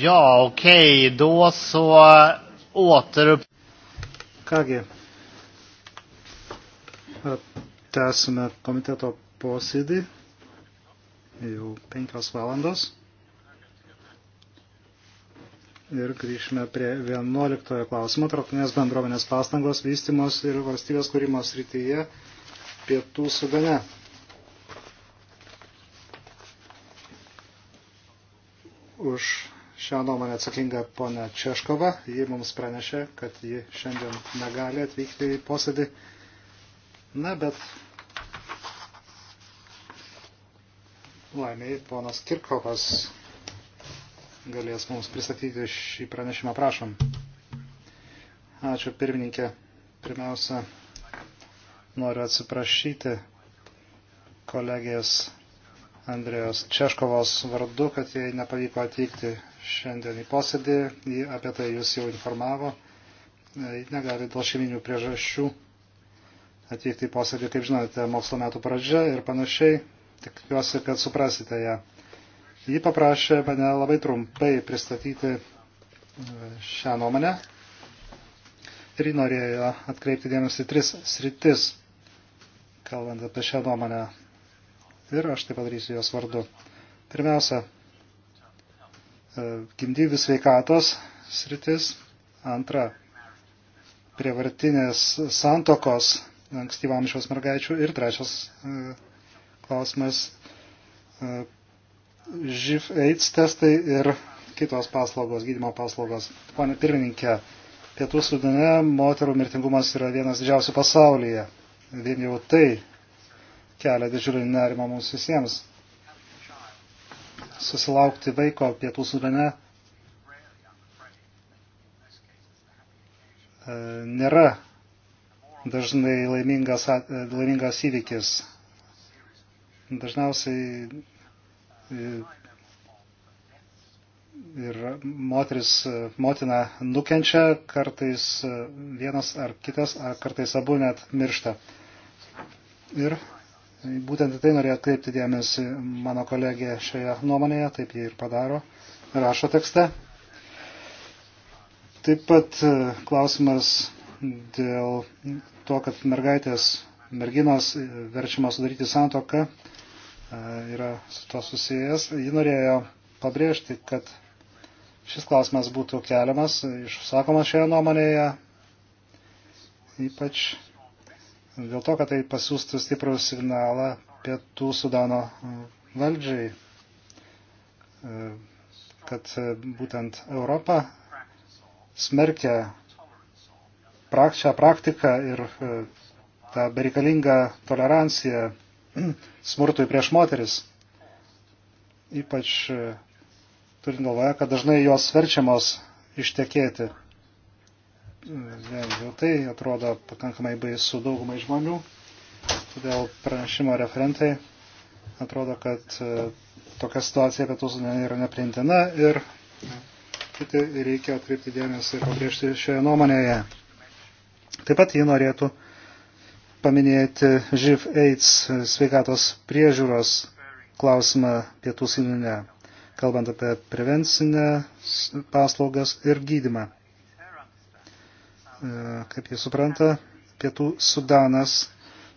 Ja, okej, okay. då så återupp... Kągi, tęsime komiteto posėdį, jau penkios valandos. Ir grįžime prie 11 klausimo, tarptautinės bendruomenės pastangos, vystimos ir valstybės kūrimo srityje pietų sudane. atsakinga pona Češkova. Ji mums pranešė, kad ji šiandien negali atvykti į posėdį. Na, bet laimiai ponas Kirkovas galės mums pristatyti šį pranešimą. Prašom. Ačiū pirmininkė. Pirmiausia, noriu atsiprašyti kolegės Andrėjos Češkovos vardu, kad jai nepavyko atvykti šiandien į posėdį, apie tai jūs jau informavo. E, negali dėl šeiminių priežasčių atvykti į posėdį, kaip žinote, mokslo metų pradžia ir panašiai. Tikiuosi, kad suprasite ją. Ji paprašė mane labai trumpai pristatyti e, šią nuomonę ir ji norėjo atkreipti dėmesį tris sritis, kalbant apie šią nuomonę. Ir aš tai padarysiu jos vardu. Pirmiausia, E, gimdyvių sveikatos sritis. Antra, prievartinės santokos ankstyvam šios mergaičių. Ir trečias e, klausimas, e, živ AIDS testai ir kitos paslaugos, gydymo paslaugos. Pone pirmininkė, Pietų Sudane moterų mirtingumas yra vienas didžiausių pasaulyje. Vien jau tai kelia didžiulį nerimą mums visiems susilaukti vaiko pietų sudane e, nėra dažnai laimingas, e, laimingas įvykis. Dažniausiai e, ir moteris, motina nukenčia, kartais vienas ar kitas, ar kartais abu net miršta. Ir Būtent tai norėjo atkreipti dėmesį mano kolegė šioje nuomonėje, taip jie ir padaro, rašo tekste. Taip pat e, klausimas dėl to, kad mergaitės, merginos e, verčiamas sudaryti santoką e, yra su to susijęs. Ji norėjo pabrėžti, kad šis klausimas būtų keliamas, išsakomas šioje nuomonėje, ypač dėl to, kad tai pasiūstų stiprų signalą pietų Sudano valdžiai, e, kad būtent Europa smerkia šią praktiką ir e, tą bereikalingą toleranciją smurtui prieš moteris. Ypač e, turint galvoje, kad dažnai jos verčiamos ištekėti vien jau tai atrodo pakankamai baisu daugumai žmonių, todėl pranešimo referentai atrodo, kad e, tokia situacija pietų sudane yra nepriimtina ir kiti reikia atkreipti dėmesį ir pabrėžti šioje nuomonėje. Taip pat jį norėtų paminėti živ AIDS sveikatos priežiūros klausimą pietų sudane, kalbant apie prevencinę paslaugas ir gydimą. E, kaip jis supranta, pietų Sudanas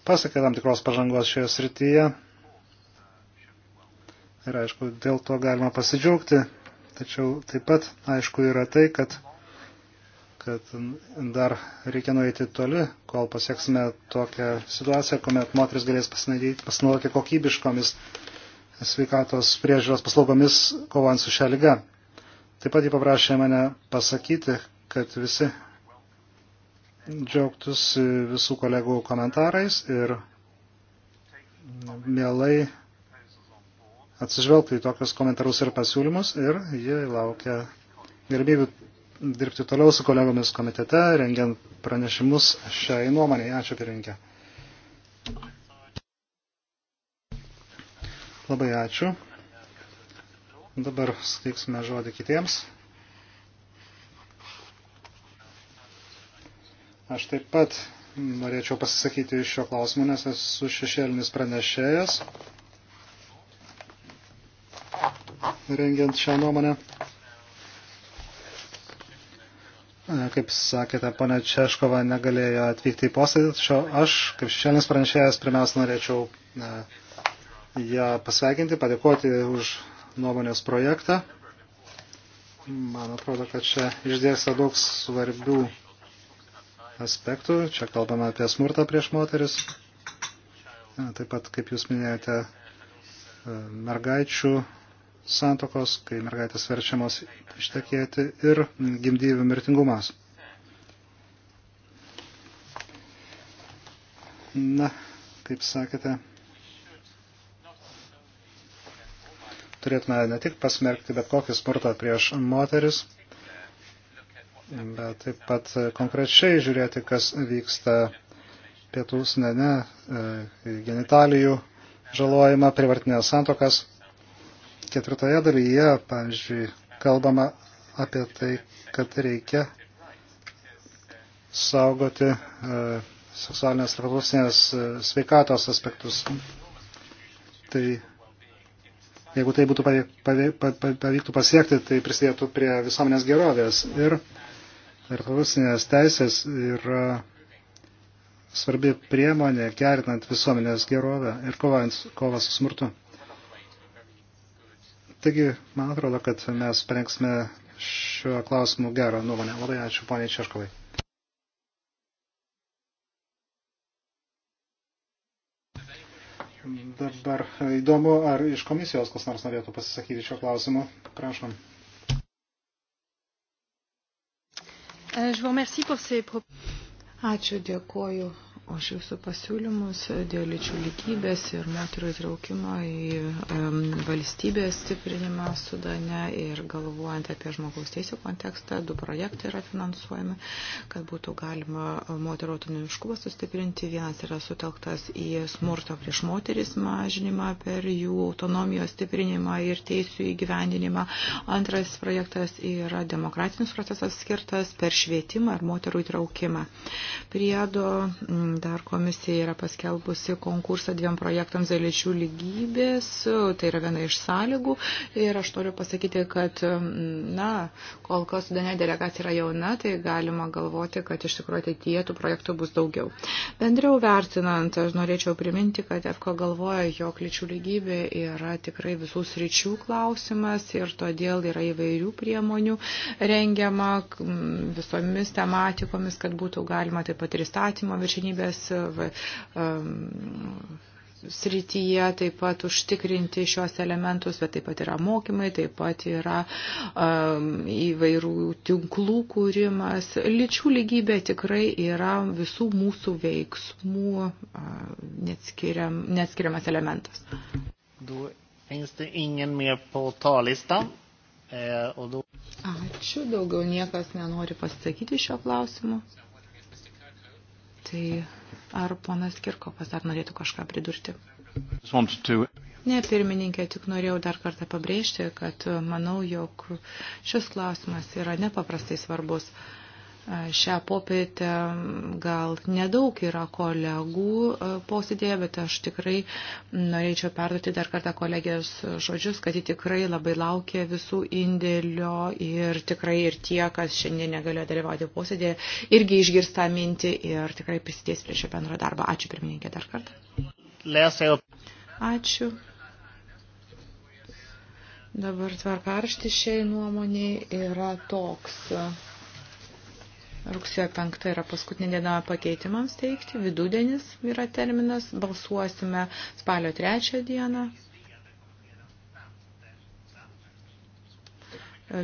pasakė tam tikros pažangos šioje srityje. Ir aišku, dėl to galima pasidžiaugti, tačiau taip pat aišku yra tai, kad, kad dar reikia nueiti toli, kol pasieksime tokią situaciją, kuomet moteris galės pasinaudoti kokybiškomis sveikatos priežiūros paslaugomis kovant su šia lyga. Taip pat jį paprašė mane pasakyti, kad visi džiaugtus e, visų kolegų komentarais ir mielai atsižvelgtų į tokius komentarus ir pasiūlymus ir jie laukia galimybių dirbti toliau su kolegomis komitete, rengiant pranešimus šiai nuomonėje. Ačiū pirmininkė. Labai ačiū. Dabar suteiksime žodį kitiems. Aš taip pat norėčiau pasisakyti iš šio klausimu, nes esu šešėlinis pranešėjas, rengiant šią nuomonę. E, kaip sakėte, ponia Češkova negalėjo atvykti į posėdį, tačiau aš, kaip šešėlinis pranešėjas, pirmiausia norėčiau e, ją pasveikinti, padėkoti už nuomonės projektą. Man atrodo, kad čia išdėsta daug svarbių aspektų. Čia kalbame apie smurtą prieš moteris. Taip pat, kaip jūs minėjote, e, mergaičių santokos, kai mergaitės verčiamos ištekėti ir gimdyvių mirtingumas. Na, kaip sakėte, turėtume ne tik pasmerkti bet kokį smurtą prieš moteris, bet taip pat konkrečiai žiūrėti, kas vyksta pietų snene, e, genitalijų žalojimą, privartinės santokas. Ketvirtoje dalyje, pavyzdžiui, kalbama apie tai, kad reikia saugoti e, seksualinės ir reprodukcinės e, sveikatos aspektus. Tai jeigu tai būtų pavyktų pasiekti, tai prisidėtų prie visuomenės gerovės. Ir ir profesinės teisės yra svarbi priemonė gerinant visuomenės gerovę ir kovant kovą su smurtu. Taigi, man atrodo, kad mes parengsime šiuo klausimu gerą nuomonę. Labai ačiū, poniai Češkovai. Dabar įdomu, ar iš komisijos kas nors norėtų pasisakyti šio klausimu. Prašom. Euh, Ačiū, dėkoju už jūsų pasiūlymus dėl lyčių lygybės ir moterų įtraukimo į um, valstybės stiprinimą Sudane ir galvojant apie žmogaus teisų kontekstą, du projektai yra finansuojami, kad būtų galima moterų autonomiškumą sustiprinti. Vienas yra sutelktas į smurto prieš moteris mažinimą per jų autonomijos stiprinimą ir teisų įgyvendinimą. Antras projektas yra demokratinis procesas skirtas per švietimą ir moterų įtraukimą. Priedo, mm, Dar komisija yra paskelbusi konkursą dviem projektams dėl lyčių lygybės, tai yra viena iš sąlygų. Ir aš noriu pasakyti, kad, mm, na, kol kas Sudane delegacija yra jauna, tai galima galvoti, kad iš tikrųjų ateityje tų projektų bus daugiau. Bendriau vertinant, aš norėčiau priminti, kad EFKO galvoja, jog lyčių lygybė yra tikrai visų sričių klausimas ir todėl yra įvairių priemonių rengiama visomis tematikomis, kad būtų galima taip pat ir įstatymo viršinybė lygybės srityje, taip pat užtikrinti šios elementus, bet taip pat yra mokymai, taip pat yra um, įvairių tinklų kūrimas. Lyčių lygybė tikrai yra visų mūsų veiksmų uh, neatskiriam, neatskiriamas elementas. Du. Finns det ingen mer på talistan? Eh, och då... Ačiū, daugiau niekas nenori pasakyti šio klausimu. Tai ar ponas Kirkopas dar norėtų kažką pridurti? Ne, pirmininkė, tik norėjau dar kartą pabrėžti, kad manau, jog šis klausimas yra nepaprastai svarbus. Uh, Šią popietę gal nedaug yra kolegų posėdėje, bet aš tikrai norėčiau perduoti dar kartą kolegės žodžius, kad ji tikrai labai laukia visų indėlio ir tikrai ir tie, kas šiandien negalėjo dalyvauti posėdėje, irgi išgirsta mintį ir tikrai prisidės prie šio bendro darbo. Ačiū pirmininkė dar kartą. Ačiū. Dabar tvarkaršti šiai nuomonė yra toks. Rugsėjo 5 yra paskutinė diena pakeitimams teikti, vidudienis yra terminas, balsuosime spalio 3 dieną.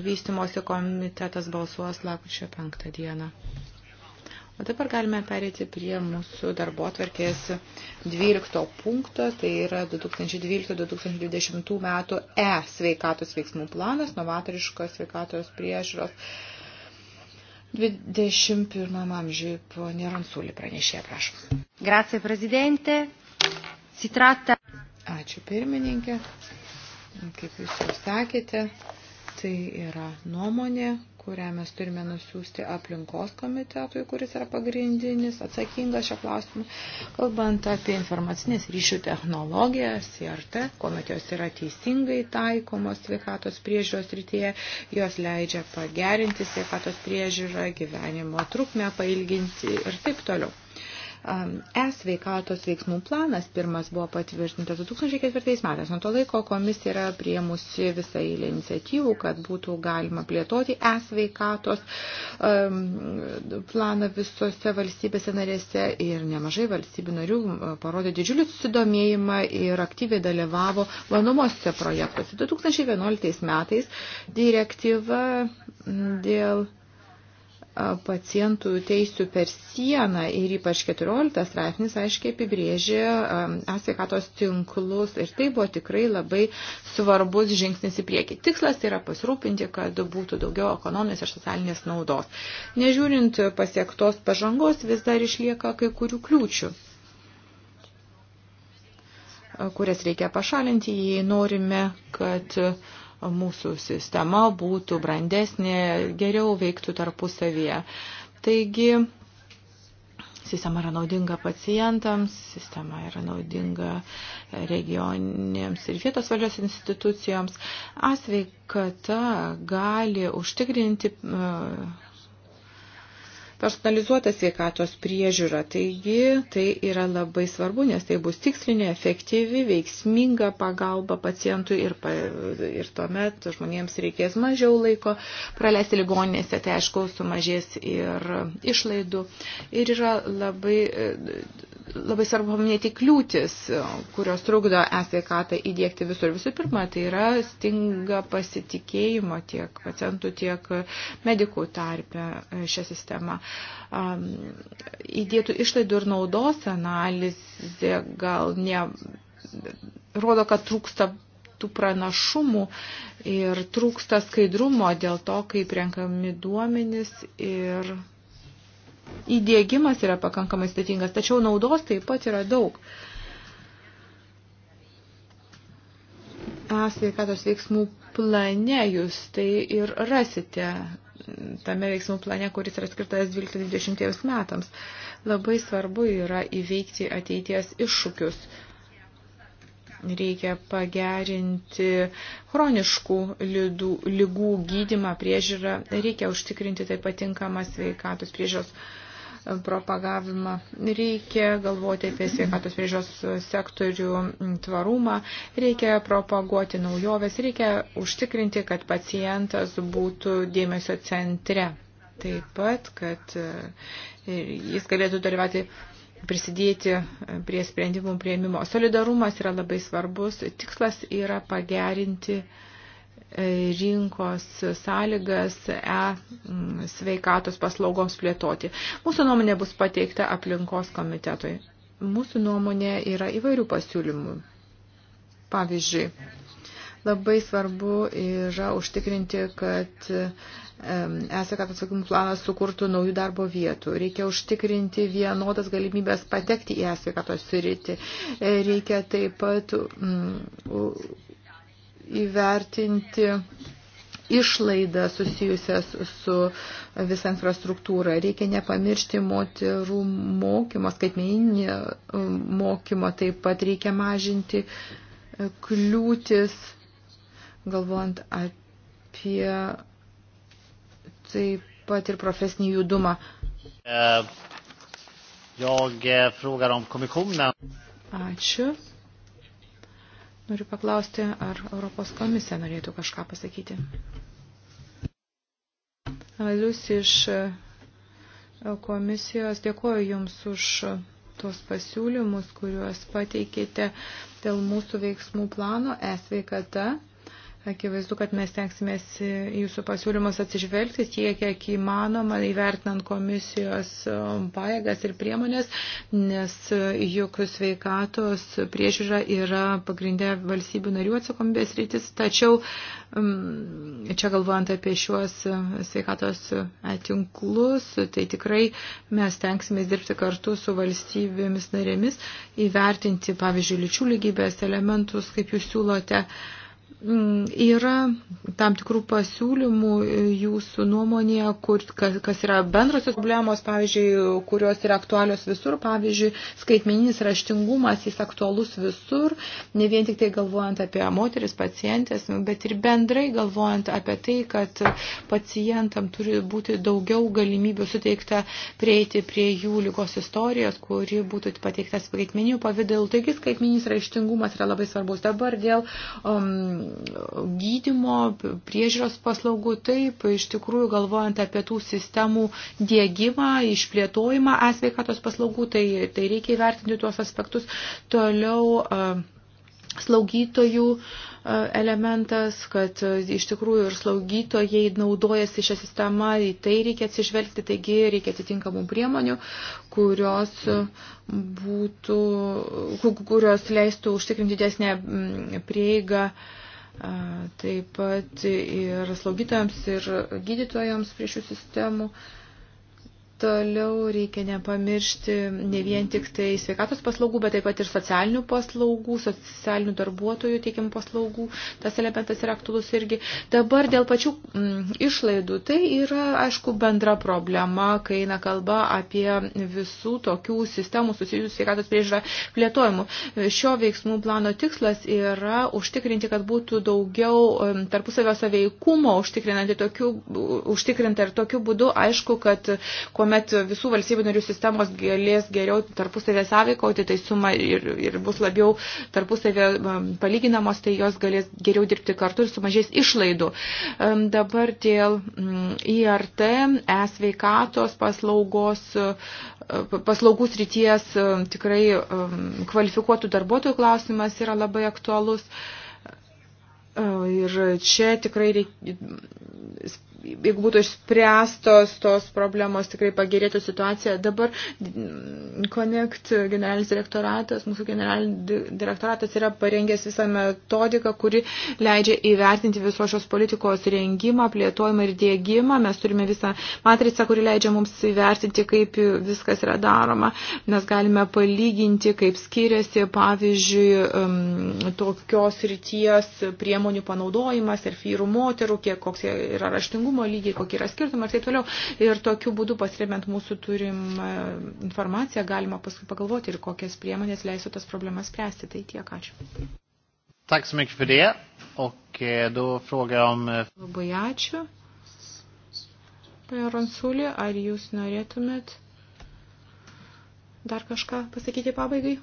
Vystimosi komitetas balsuos lakučio 5 dieną. O dabar galime perėti prie mūsų darbo atvarkės 12 punkto, tai yra 2012-2020 metų E sveikatos veiksmų planas, novatoriškos sveikatos priežiūros 21 amžiui. Pone Ransulį pranešė, prašom. Grazie, prezidente. Sitratta. Ačiū, pirmininkė. Kaip jūs jau sakėte, tai yra nuomonė, kurią mes turime nusiųsti aplinkos komitetui, kuris yra pagrindinis, atsakingas šio klausimu, kalbant apie informacinės ryšių technologijas, CRT, kuomet jos yra teisingai taikomos sveikatos priežiūros rytyje, jos leidžia pagerinti sveikatos priežiūrą, gyvenimo trukmę pailginti ir taip toliau. E-sveikatos veiksmų planas pirmas buvo patvirtintas 2004 metais. Nuo to laiko komisija yra priemusi visą eilę iniciatyvų, kad būtų galima plėtoti e-sveikatos planą visose valstybėse narėse ir nemažai valstybių narių parodė didžiulį susidomėjimą ir aktyviai dalyvavo vanomosiuose projektuose. 2011 metais direktyva dėl pacientų teisų per sieną ir ypač 14 straipsnis aiškiai apibrėžė sveikatos tinklus ir tai buvo tikrai labai svarbus žingsnis į priekį. Tikslas yra pasirūpinti, kad būtų daugiau ekonominės ir socialinės naudos. Nežiūrint pasiektos pažangos, vis dar išlieka kai kurių kliūčių kurias reikia pašalinti, jei norime, kad uh, mūsų sistema būtų brandesnė, geriau veiktų tarpusavyje. Taigi, sistema yra naudinga pacientams, sistema yra naudinga regioninėms ir vietos valdžios institucijoms. Asveikata gali užtikrinti uh, personalizuota sveikatos priežiūra. Taigi tai yra labai svarbu, nes tai bus tikslinė, efektyvi, veiksminga pagalba pacientui ir, pa, ir tuomet žmonėms reikės mažiau laiko praleisti ligoninėse, tai aišku, sumažės ir išlaidų. Ir yra labai labai svarbu paminėti kliūtis, kurios trukdo e-sveikatą įdėkti visur. Visų pirma, tai yra stinga pasitikėjimo tiek pacientų, tiek medikų tarpę e, šią sistemą. Įdėtų išlaidų ir naudos analizė gal ne, rodo, kad trūksta tų pranašumų ir trūksta skaidrumo dėl to, kaip renkami duomenys ir įdėgymas yra pakankamai sudėtingas, tačiau naudos taip pat yra daug. Sveikatos veiksmų plane jūs tai ir rasite tame veiksmų plane, kuris yra skirtas 12-20 metams. Labai svarbu yra įveikti ateities iššūkius. Reikia pagerinti chroniškų lygų gydimą priežiūrą, reikia užtikrinti taip patinkamą sveikatos priežiūros propagavimą. Reikia galvoti apie sveikatos priežios sektorių tvarumą, reikia propaguoti naujoves, reikia užtikrinti, kad pacientas būtų dėmesio centre. Taip pat, kad e, jis galėtų dalyvauti prisidėti prie sprendimų prieimimo. Solidarumas yra labai svarbus. Tikslas yra pagerinti uh, rinkos sąlygas e sveikatos paslaugoms plėtoti. Mūsų nuomonė bus pateikta aplinkos komitetui. Mūsų nuomonė yra įvairių pasiūlymų. Pavyzdžiui, labai svarbu yra užtikrinti, kad e, esakato atsakymų planas sukurtų naujų darbo vietų. Reikia užtikrinti vienodas galimybės patekti į esakato sritį. E, reikia taip pat mm, įvertinti išlaidą susijusias su visą infrastruktūrą. Reikia nepamiršti moterų mokymo, skaitmeninį um, mokymo, taip pat reikia mažinti e, kliūtis, galvojant apie taip pat ir profesinį judumą. E, Jag eh, frågar om kommissionen. Ačiū. Noriu paklausti, ar Europos komisija norėtų kažką pasakyti. Alius iš e, komisijos dėkoju Jums už tuos pasiūlymus, kuriuos pateikėte dėl mūsų veiksmų plano e-sveikata Akivaizdu, kad mes tenksimės jūsų pasiūlymus atsižvelgti tiek, kiek įmanoma, įvertinant komisijos um, pajėgas ir priemonės, nes uh, juk sveikatos priežiūra yra pagrindė valstybių narių atsakomybės rytis. Tačiau um, čia galvojant apie šiuos uh, sveikatos uh, tinklus, tai tikrai mes tenksimės dirbti kartu su valstybėmis narėmis, įvertinti, pavyzdžiui, lyčių lygybės elementus, kaip jūs siūlote. Uh, Mm, yra tam tikrų pasiūlymų e, jūsų nuomonėje, kur, kas, kas yra bendrosios problemos, pavyzdžiui, kurios yra aktualios visur, pavyzdžiui, skaitmeninis raštingumas, jis aktualus visur, ne vien tik tai galvojant apie moteris, pacientės, bet ir bendrai galvojant apie tai, kad pacientam turi būti daugiau galimybių suteikta prieiti prie jų lygos istorijos, kuri būtų pateikta skaitmeniniu pavydalu. Taigi skaitmeninis raštingumas yra labai svarbus dabar dėl. Um, gydimo, priežiūros paslaugų. Taip, iš tikrųjų, galvojant apie tų sistemų dėgymą, išplėtojimą esveikatos paslaugų, tai, tai reikia įvertinti tuos aspektus. Toliau e, slaugytojų e, elementas, kad e, iš tikrųjų ir slaugytojai naudojasi šią sistemą, į tai reikia atsižvelgti, taigi reikia atitinkamų priemonių, kurios būtų, kurios leistų užtikrinti didesnę prieigą uh, taip pat ir slaugytojams, ir gydytojams prie šių sistemų. Uh, Toliau reikia nepamiršti ne vien tik tai sveikatos paslaugų, bet taip pat ir socialinių paslaugų, socialinių darbuotojų teikiamų paslaugų. Tas elementas yra aktuolus irgi. Dabar dėl pačių mm, išlaidų. Tai yra, aišku, bendra problema, kai eina kalba apie visų tokių sistemų susijusių sveikatos priežiūrą plėtojimų. Šio veiksmų plano tikslas yra užtikrinti, kad būtų daugiau mm, tarpusavio saveikumo užtikrinti, tokiu, užtikrinti ir tokiu būdu, aišku, kad kuo kuomet visų valstybių narių sistemos galės geriau tarpusavę sąveikauti, tai suma ir, ir bus labiau tarpusavę um, palyginamos, tai jos galės geriau dirbti kartu ir sumažės išlaidų. Um, dabar dėl mm, IRT, e-sveikatos paslaugos, uh, paslaugų srities um, tikrai kvalifikuotų darbuotojų klausimas yra labai aktualus. Uh, ir čia tikrai reikia jeigu būtų išspręstos tos problemos, tikrai pagerėtų situacija. Dabar mm, Connect generalinis direktoratas, mūsų generalinis direktoratas yra parengęs visą metodiką, kuri leidžia įvertinti visos šios politikos rengimą, plėtojimą ir dėgymą. Mes turime visą matricą, kuri leidžia mums įvertinti, kaip viskas yra daroma. Mes galime palyginti, kaip skiriasi, pavyzdžiui, mm, tokios ryties priemonių panaudojimas ir vyrų moterų, kiek koks yra raštingumas aktyvumo lygiai, kokie yra skirtumai ir taip toliau. Ir tokiu būdu pasiremiant mūsų turim e, informaciją, galima paskui pagalvoti ir kokias priemonės leisų tas problemas spręsti. Tai tiek, ačiū. Tack så mycket för det. Och eh, då frågar jag om... Eh, Labai ačiū. Pane Ronsulį, ar jūs norėtumėt dar kažką pasakyti pabaigai?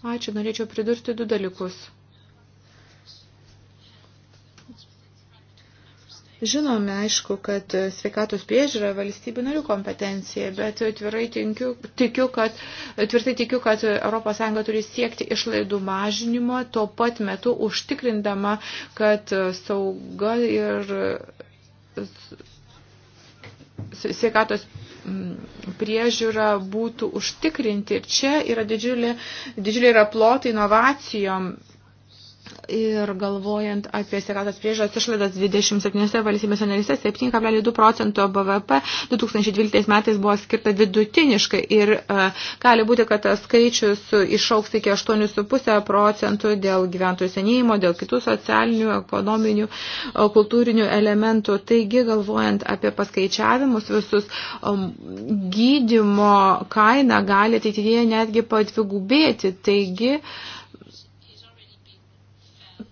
Ačiū, norėčiau pridurti du dalykus. Žinome, aišku, kad sveikatos priežiūra valstybių narių kompetencija, bet tvirtai tikiu, tikiu, kad, tvirtai tikiu, kad ES turi siekti išlaidų mažinimo, tuo pat metu užtikrindama, kad sauga ir sveikatos mm, priežiūra būtų užtikrinti. Ir čia yra didžiulė, didžiulė yra plotai inovacijom Ir galvojant apie sveikatos priežas išlaidas 27 valstybėse narise, 7,2 procento BVP 2012 metais buvo skirta vidutiniškai ir e, gali būti, kad tas skaičius išauks iki 8,5 procentų dėl gyventojų senėjimo, dėl kitų socialinių, ekonominių, e, kultūrinių elementų. Taigi, galvojant apie paskaičiavimus visus, um, gydymo kaina gali ateityje netgi padvigubėti. Taigi, e,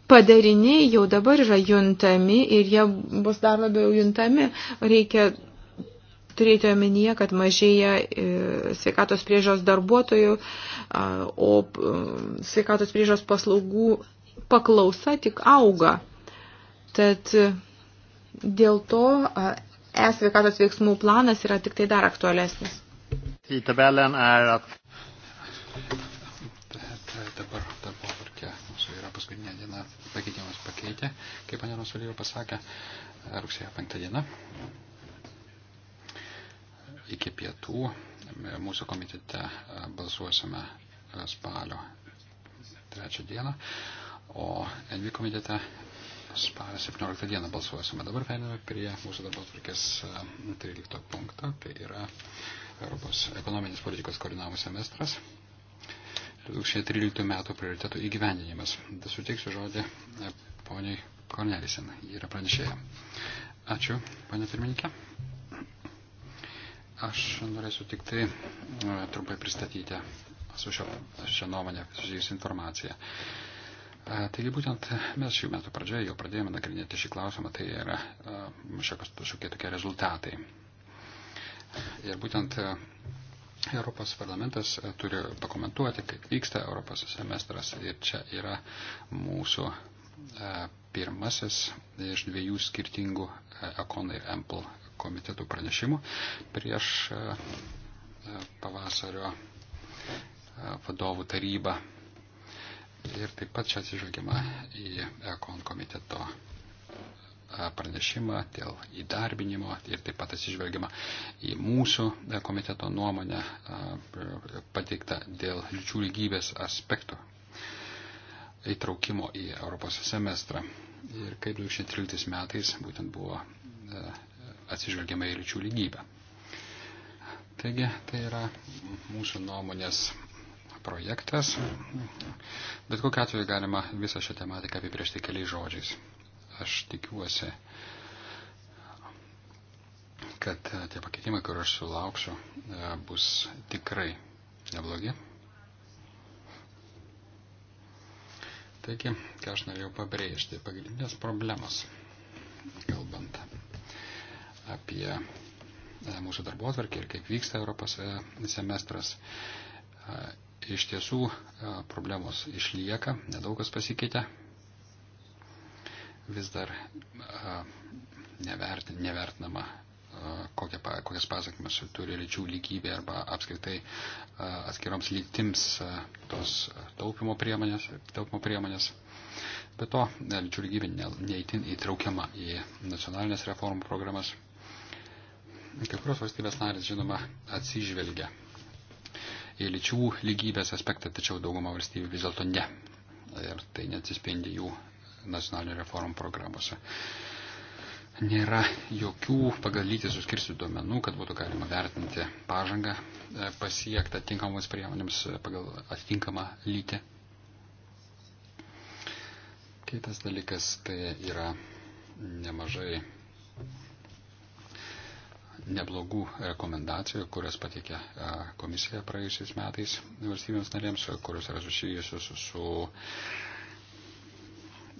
padariniai jau dabar yra juntami ir jie bus dar labiau juntami. Reikia turėti omenyje, kad mažėja e, sveikatos priežos darbuotojų, o e, sveikatos priežos paslaugų paklausa tik auga. Tad e, dėl to e-sveikatos veiksmų planas yra tik tai dar aktualesnis. Tidtabellen är er att... Dabar savaitę, kaip panė Rosulėjo pasakė, rugsėjo 5 diena. Iki pietų mūsų komitete balsuosime spalio 3 dieną, o NV komitete spalio 17 dieną balsuosime. Dabar perėmėme prie mūsų darbo atvarkės 13 e, punktą, tai yra Europos ekonominės politikos koordinavimo semestras. 2013 metų prioritetų įgyvendinimas. Suteiksiu žodį e, poniai Kornelisen. Ji yra pranešėja. Ačiū, ponė pirmininkė. Aš norėsiu tik tai e, trumpai pristatyti su šio, šio nuomonė susijusi informacija. E, taigi būtent mes šių metų pradžioje jau pradėjome nagrinėti šį klausimą, tai yra e, šiokie tokie rezultatai. Ir būtent Europos parlamentas turi pakomentuoti, kaip vyksta Europos semestras ir čia yra mūsų pirmasis iš dviejų skirtingų Ekon ir Ample komitetų pranešimų prieš e, e, pavasario e, vadovų tarybą. Ir taip pat čia atsižvelgiama į Ekon komiteto pranešimą dėl įdarbinimo ir taip pat atsižvelgiama į mūsų komiteto nuomonę pateiktą dėl lyčių lygybės aspektų įtraukimo į Europos semestrą. Ir kaip 2013 metais būtent buvo e, atsižvelgiama į lyčių lygybę. Taigi tai yra mūsų nuomonės projektas. Bet kokiu atveju galima visą šią tematiką apibriežti keliais žodžiais. Aš tikiuosi, kad tie pakeitimai, kuriuos aš sulauksiu, e, bus tikrai neblogi. Taigi, ką aš norėjau pabrėžti, pagrindinės problemos, kalbant apie e, mūsų darbo atvarkį ir kaip vyksta Europos e, semestras. E, iš tiesų problemos išlieka, nedaugas pasikeitė. Vis dar nevert, nevertinama kokia, kokias pasakmes turi lyčių lygybė arba apskritai atskiroms lygtims tos taupimo priemonės. Taupimo priemonės. Be to, lyčių lygybė neįtin įtraukiama į nacionalinės reformų programas. Kai kurios valstybės narės, žinoma, atsižvelgia į lyčių lygybės aspektą, tačiau dauguma valstybių vis dėlto ne. Ir tai neatsispindi jų nacionalinių reformų programuose nėra jokių pagal lytį suskirsių duomenų, kad būtų galima vertinti pažangą e, pasiektą tinkamomis priemonėms e, pagal atitinkamą lytį. Kitas dalykas tai yra nemažai neblogų rekomendacijų, kurias patikė e, komisija praėjusiais metais valstybėms narėms, kurios yra susijusios su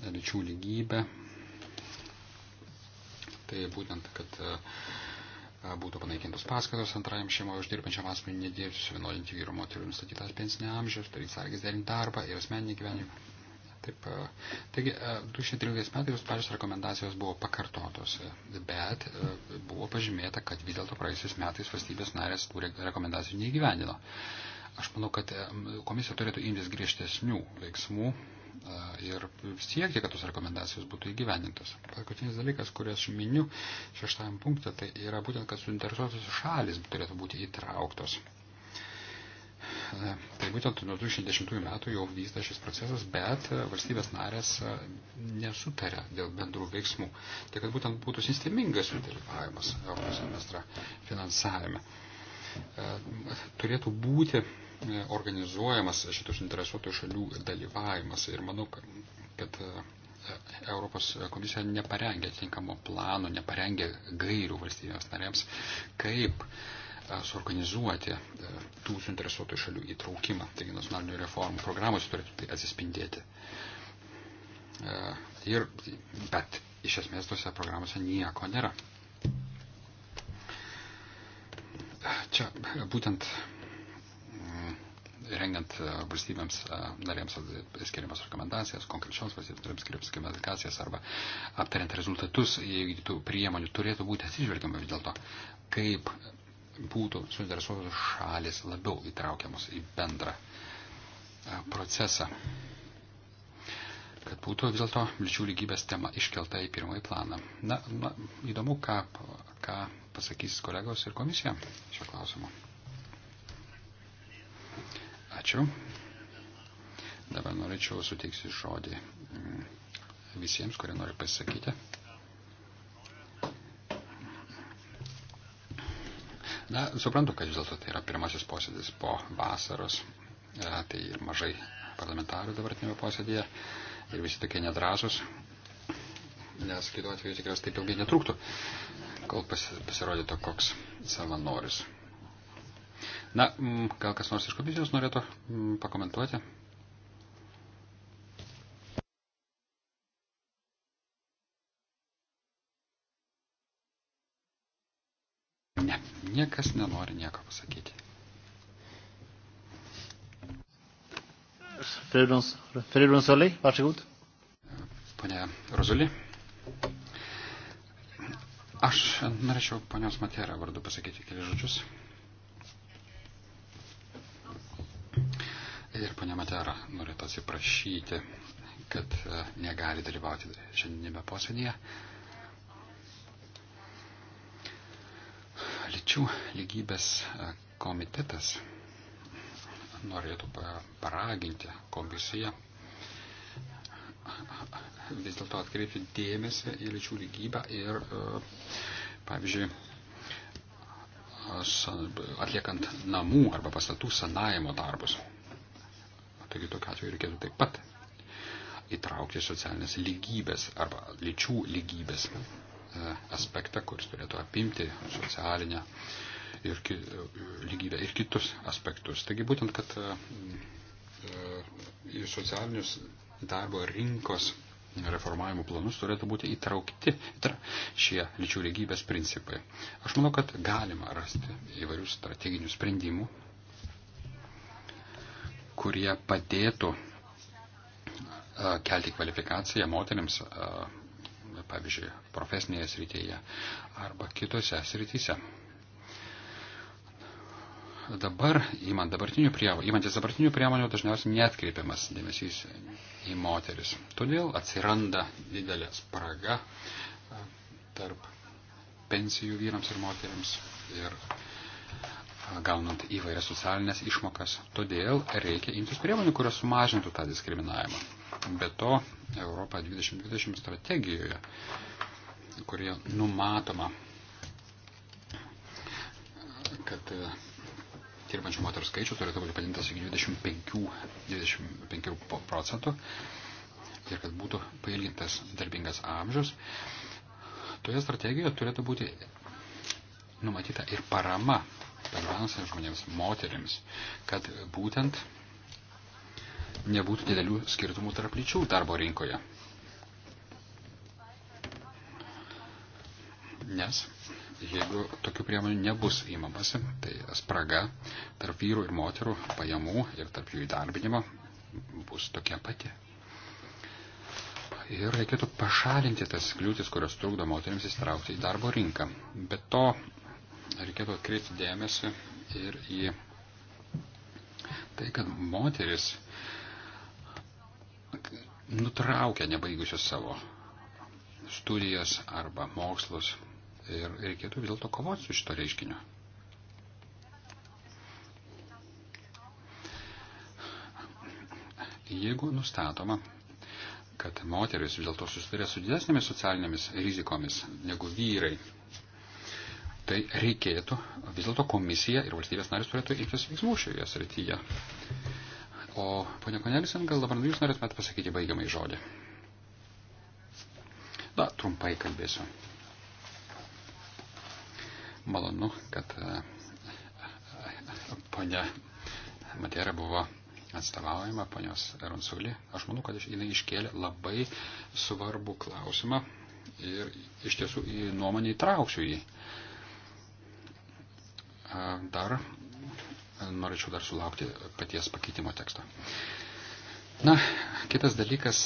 lyčių lygybė, Tai būtent, kad e, būtų panaikintos paskatos antrajam šeimoje uždirbančiam asmeniui nedėvti su vienodinti vyru moterių nustatytas pensinė amžius, turint sąlygas derinti darbą ir asmeninį gyvenimą. Taip, e, taigi 2013 e, metais pačios rekomendacijos buvo pakartotos, bet buvo pažymėta, kad vis dėlto praėjusiais metais valstybės narės tų rekomendacijų neįgyvendino. Aš manau, kad komisija turėtų imtis griežtesnių veiksmų ir siekti, kad tos rekomendacijos būtų įgyvendintos. Paskutinis dalykas, kurį aš miniu šeštajam punktą, tai yra būtent, kad suinteresuotos šalis turėtų būti įtrauktos. Tai būtent nuo 2010 metų jau vyksta šis procesas, bet valstybės narės nesutarė dėl bendrų veiksmų. Tai kad būtent būtų sistemingas jų dalyvavimas Europos semestro finansavime. Turėtų būti organizuojamas šitų suinteresuotų šalių dalyvavimas ir manau, kad e, Europos komisija neparengė tinkamo plano, neparengė gairių valstybės narėms, kaip e, suorganizuoti e, tų suinteresuotų šalių įtraukimą. Taigi nacionalinių reformų programos turėtų tai atsispindėti. Ir, bet iš esmės tose programose nieko nėra. Čia būtent rengiant e, valstybėms e, narėms skiriamas rekomendacijas, konkrečioms valstybėms narėms skiriamas rekomendacijas arba aptariant rezultatus įvykdytų priemonių, turėtų būti atsižvelgiama vis dėlto, kaip būtų suinteresuotos šalis labiau įtraukiamos į bendrą e, procesą. Kad būtų vis dėlto lyčių lygybės tema iškelta į pirmąjį planą. Na, na įdomu, ką, ką pasakys kolegos ir komisija šio klausimu. Ačiū. Dabar norėčiau suteiksi žodį mm, visiems, kurie nori pasisakyti. Na, suprantu, kad vis dėlto tai yra pirmasis posėdis po vasaros. Ja, e, tai ir mažai parlamentarų dabartinėme posėdėje. Ir visi tokie nedrasus. Nes kitu atveju tikriausiai taip ilgai netruktų, kol pasirodytų koks savanoris. Na, mm, gal kas nors iš komisijos norėtų mm, pakomentuoti? Ne, niekas nenori nieko pasakyti. Fredrik Ronsoli, vær så god. Pane Rozuli. Aš norėčiau ponios Matera vardu pasakyti keli žodžius. Ir ponia Matera norėtų atsiprašyti, kad e, negali dalyvauti šiandienime posėdėje. Lyčių lygybės e, komitetas norėtų paraginti komisiją vis dėlto atkreipti dėmesį į lyčių lygybę ir, e, pavyzdžiui, atliekant namų arba pastatų sanavimo darbus. Taigi tokiu atveju reikėtų taip pat įtraukti socialinės lygybės arba lyčių lygybės e, aspektą, kuris turėtų apimti socialinę ir ki, lygybę ir kitus aspektus. Taigi būtent, kad e, e, į socialinius darbo rinkos reformavimų planus turėtų būti įtraukti šie lyčių lygybės principai. Aš manau, kad galima rasti įvairių strateginių sprendimų kurie padėtų kelti kvalifikaciją moteriams, pavyzdžiui, profesinėje srityje arba kitose srityse. Dabar, įmant dabartinių priemonių, įmantis dabartinių priemonių, dažniausiai netkreipiamas dėmesys į moteris. Todėl atsiranda didelė spraga tarp pensijų vyrams ir moteriams ir uh, gaunant įvairias socialinės išmokas. Todėl reikia imtis priemonių, kurios sumažintų tą diskriminavimą. Be to, Europa 2020 strategijoje, kurie numatoma, kad e, dirbančių moterų skaičių turėtų būti padintas iki 25, 25 procentų ir kad būtų pailgintas darbingas amžius. Toje strategijoje turėtų būti numatyta ir parama pirmiausia žmonėms, moteriams, kad būtent nebūtų didelių skirtumų tarp lyčių darbo rinkoje. Nes jeigu tokių priemonių nebus įmamasi, tai spraga tarp vyrų ir moterų pajamų ir tarp jų įdarbinimo bus tokia pati. Ir reikėtų pašalinti tas kliūtis, kurios trukdo moteriams įsitraukti į darbo rinką. Bet to reikėtų atkreipti dėmesį ir į tai, kad moteris nutraukia nebaigusios savo studijas arba mokslus ir reikėtų vis dėlto kovoti su šito reiškiniu. Jeigu nustatoma, kad moteris vis dėlto susiduria su didesnėmis socialinėmis rizikomis negu vyrai, tai reikėtų, vis dėlto komisija ir valstybės narės turėtų imtis veiksmų šioje srityje. O ponia Konelisen, gal dabar jūs norėtumėte pasakyti baigiamai žodį? Na, trumpai kalbėsiu. Malonu, kad e, ponia Matera buvo atstovaujama ponios Ronsulį. Aš manau, kad jinai iškėlė labai svarbų klausimą ir iš tiesų į nuomonę įtrauksiu jį. Uh, dar norėčiau dar sulaukti paties pakeitimo teksto. Na, kitas dalykas,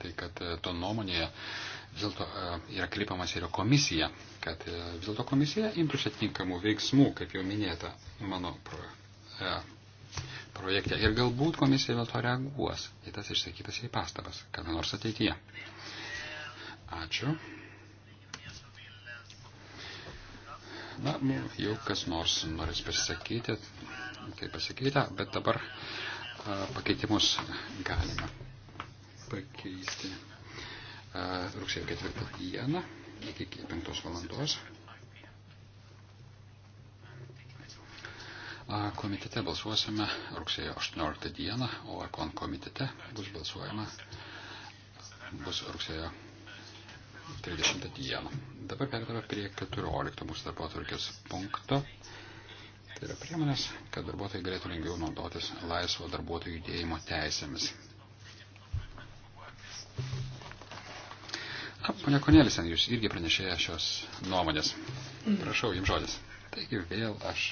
tai kad e, to nuomonėje vis dėlto e, yra kreipiamas ir komisija, kad e, vis dėlto komisija imtųsi atinkamų veiksmų, kaip jau minėta mano pro, e, projekte. Ir galbūt komisija dėl to reaguos į tas išsakytas į pastabas, kada nors ateityje. Ačiū. Na, nu, jau kas nors norės pasisakyti, tai pasakyta, bet dabar a, pakeitimus galima pakeisti a, rugsėjo ketvirtą dieną iki penktos valandos. A, komitete balsuosime rugsėjo 18 dieną, o kon komitete bus balsuojama bus rugsėjo 30 dieną. Dabar perėtume prie 14 mūsų darbo atvarkės punkto. Tai yra priemonės, kad darbuotojai galėtų lengviau naudotis laisvo darbuotojų judėjimo teisėmis. Pane Konelisen, jūs irgi pranešėję šios nuomonės. Prašau, jums žodis. Taigi vėl aš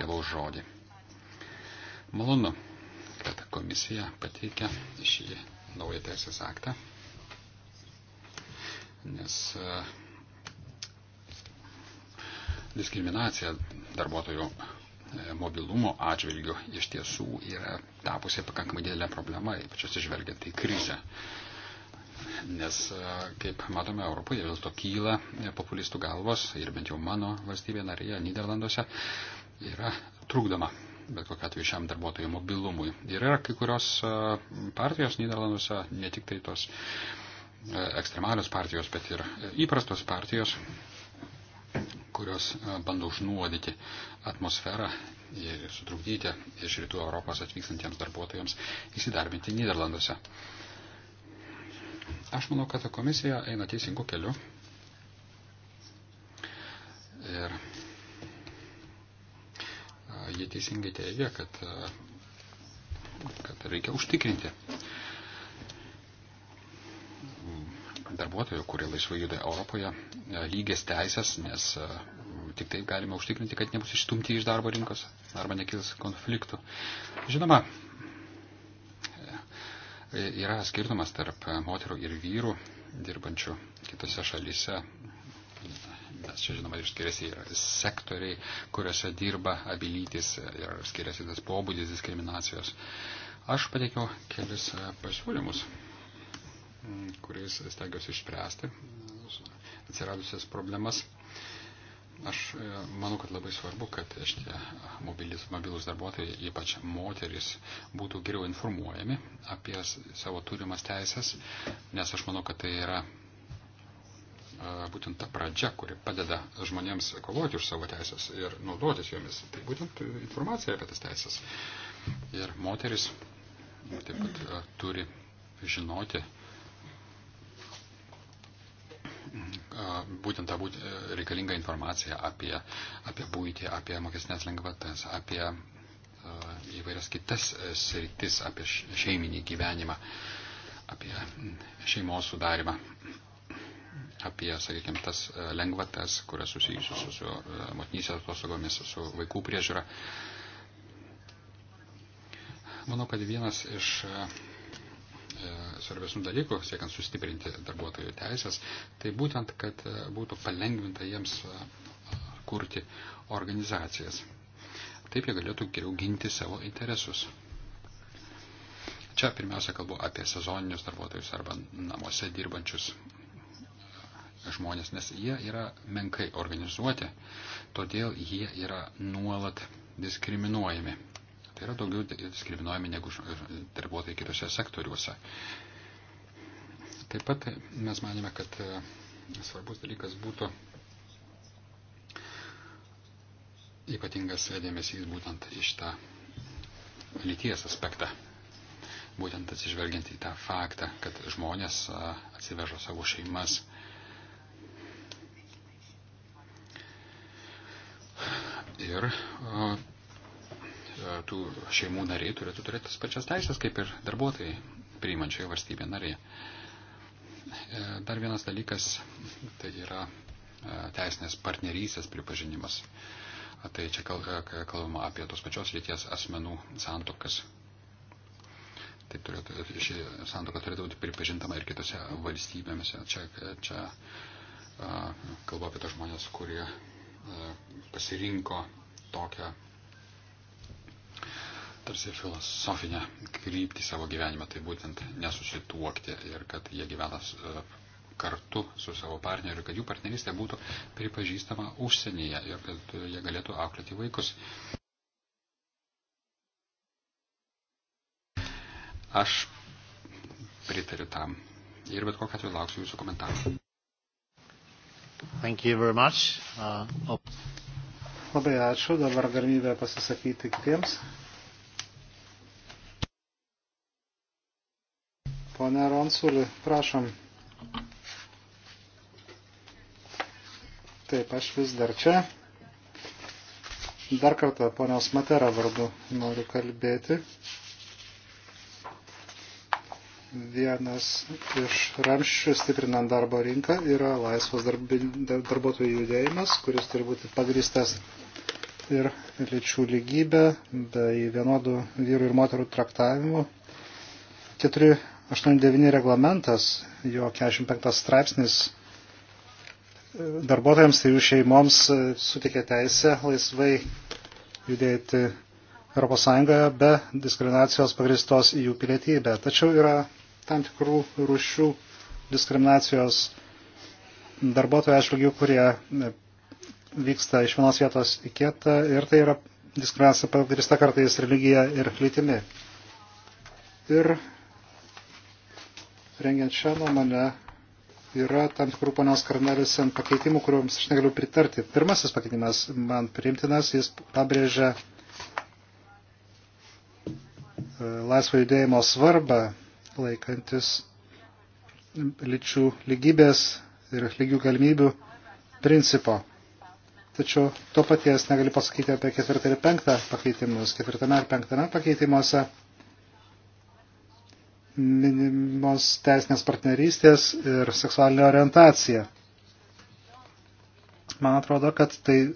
gavau žodį. Malonu, kad komisija pateikė šį naują teisės aktą nes e, diskriminacija darbuotojų e, mobilumo atžvilgių iš tiesų yra tapusi pakankamai didelė problema, ypač atsižvelgiant į krizę. Nes, e, kaip matome, Europoje vis to kyla populistų galvos ir bent jau mano valstybė narėje, Niderlanduose, yra trukdoma bet kokiu atveju šiam darbuotojų mobilumui. Ir yra kai kurios partijos Niderlanduose, ne tik tai tos uh, E, ekstremalios partijos, bet ir e, įprastos partijos, kurios e, bando užnuodyti atmosferą ir sutrukdyti iš rytų Europos atvykstantiems darbuotojams įsidarbinti Niderlanduose. Aš manau, kad komisija eina teisingu keliu. Ir jie teisingai teigia, kad, kad reikia užtikrinti darbuotojų, kurie laisvai juda Europoje, e, lygės teisės, nes e, tik taip galime užtikrinti, kad nebus išstumti iš darbo rinkos arba nekils konfliktų. Žinoma, e, yra skirtumas tarp moterų ir vyrų dirbančių kitose šalise. Nes čia, žinoma, ir skiriasi ir sektoriai, kuriuose dirba abilytis ir skiriasi tas pobūdis diskriminacijos. Aš pateikiau kelis pasiūlymus kuriais stengiuosi išspręsti atsiradusias problemas. Aš e, manau, kad labai svarbu, kad šitie mobilis, mobilus darbuotojai, ypač moteris, būtų geriau informuojami apie savo turimas teisės, nes aš manau, kad tai yra e, būtent ta pradžia, kuri padeda žmonėms kovoti už savo teisės ir naudotis jomis. Tai būtent informacija apie tas teisės. Ir moteris taip pat e, turi žinoti, būtent tą būt, reikalingą informaciją apie, apie būtį, apie mokesnės lengvatas, apie įvairias kitas e, sritis, apie šeiminį gyvenimą, apie šeimos sudarimą, apie, sakykime, tas e, lengvatas, kurias susijusius su, su e, motinysės atostogomis, su vaikų priežiūra. Manau, kad vienas iš svarbesnių dalykų, siekiant sustiprinti darbuotojų teisės, tai būtent, kad e, būtų palengvinta jiems e, kurti organizacijas. Taip jie galėtų geriau ginti savo interesus. Čia pirmiausia kalbu apie sezoninius darbuotojus arba namuose dirbančius e, žmonės, nes jie yra menkai organizuoti, todėl jie yra nuolat diskriminuojami. Tai yra daugiau diskriminuojami negu darbuotojai kitose sektoriuose. Taip pat mes manėme, kad e, svarbus dalykas būtų ypatingas dėmesys būtent iš tą lyties aspektą. Būtent atsižvelgiant į tą faktą, kad žmonės e, atsivežo savo šeimas. Ir e, tų šeimų nariai turėtų turėti tas pačias teisės kaip ir darbuotojai priimančioje valstybė nariai. E, dar vienas dalykas tai yra e, teisinės partnerystės pripažinimas. Tai čia e, kalbama apie tos pačios lyties asmenų santokas. Taip turėtų, ši santoka turėtų būti pripažintama ir kitose valstybėmise. Čia, čia kalba apie tos žmonės, kurie pasirinko tokią tarsi filosofinę kryptį savo gyvenimą, tai būtent nesusituokti ir kad jie gyvena e, kartu su savo partneriu, kad jų partnerystė būtų pripažįstama užsienyje ir kad jie galėtų auklėti vaikus. Aš pritariu tam. Ir bet kokią atveju lauksiu jūsų komentarų. Thank you very much. Uh, op. Labai ačiū. Dabar galimybė pasisakyti kitiems. Pone Ronsulį, prašom. Taip, aš vis dar čia. Dar kartą ponios Matera vardu noriu kalbėti. Vienas iš ramščių stiprinant darbo rinką yra laisvas darbi, darbuotojų judėjimas, kuris turi būti pagristas ir lyčių lygybė, bei vienodų vyrų ir moterų traktavimų. Keturi 89 reglamentas, jo 45 straipsnis darbuotojams ir tai jų šeimoms e, sutikė teisę laisvai judėti ES be diskriminacijos pagristos į jų pilietybę. Tačiau yra tam tikrų rušių diskriminacijos darbuotojų atžvilgių, kurie e, vyksta iš vienos vietos į kitą ir tai yra diskriminacija pagrista kartais religija ir lytimi. Ir rengiant šią nuomonę yra tam tikrų ponios karnelis ant pakeitimų, kuriuoms aš negaliu pritarti. Pirmasis pakeitimas man priimtinas, jis pabrėžia e, laisvo judėjimo svarbą laikantis lyčių lygybės ir lygių galimybių principo. Tačiau to paties negali pasakyti apie ketvirtą ir penktą pakeitimus. Ketvirtame ir penktame pakeitimuose minimos teisinės partnerystės ir seksualinė orientacija. Man atrodo, kad tai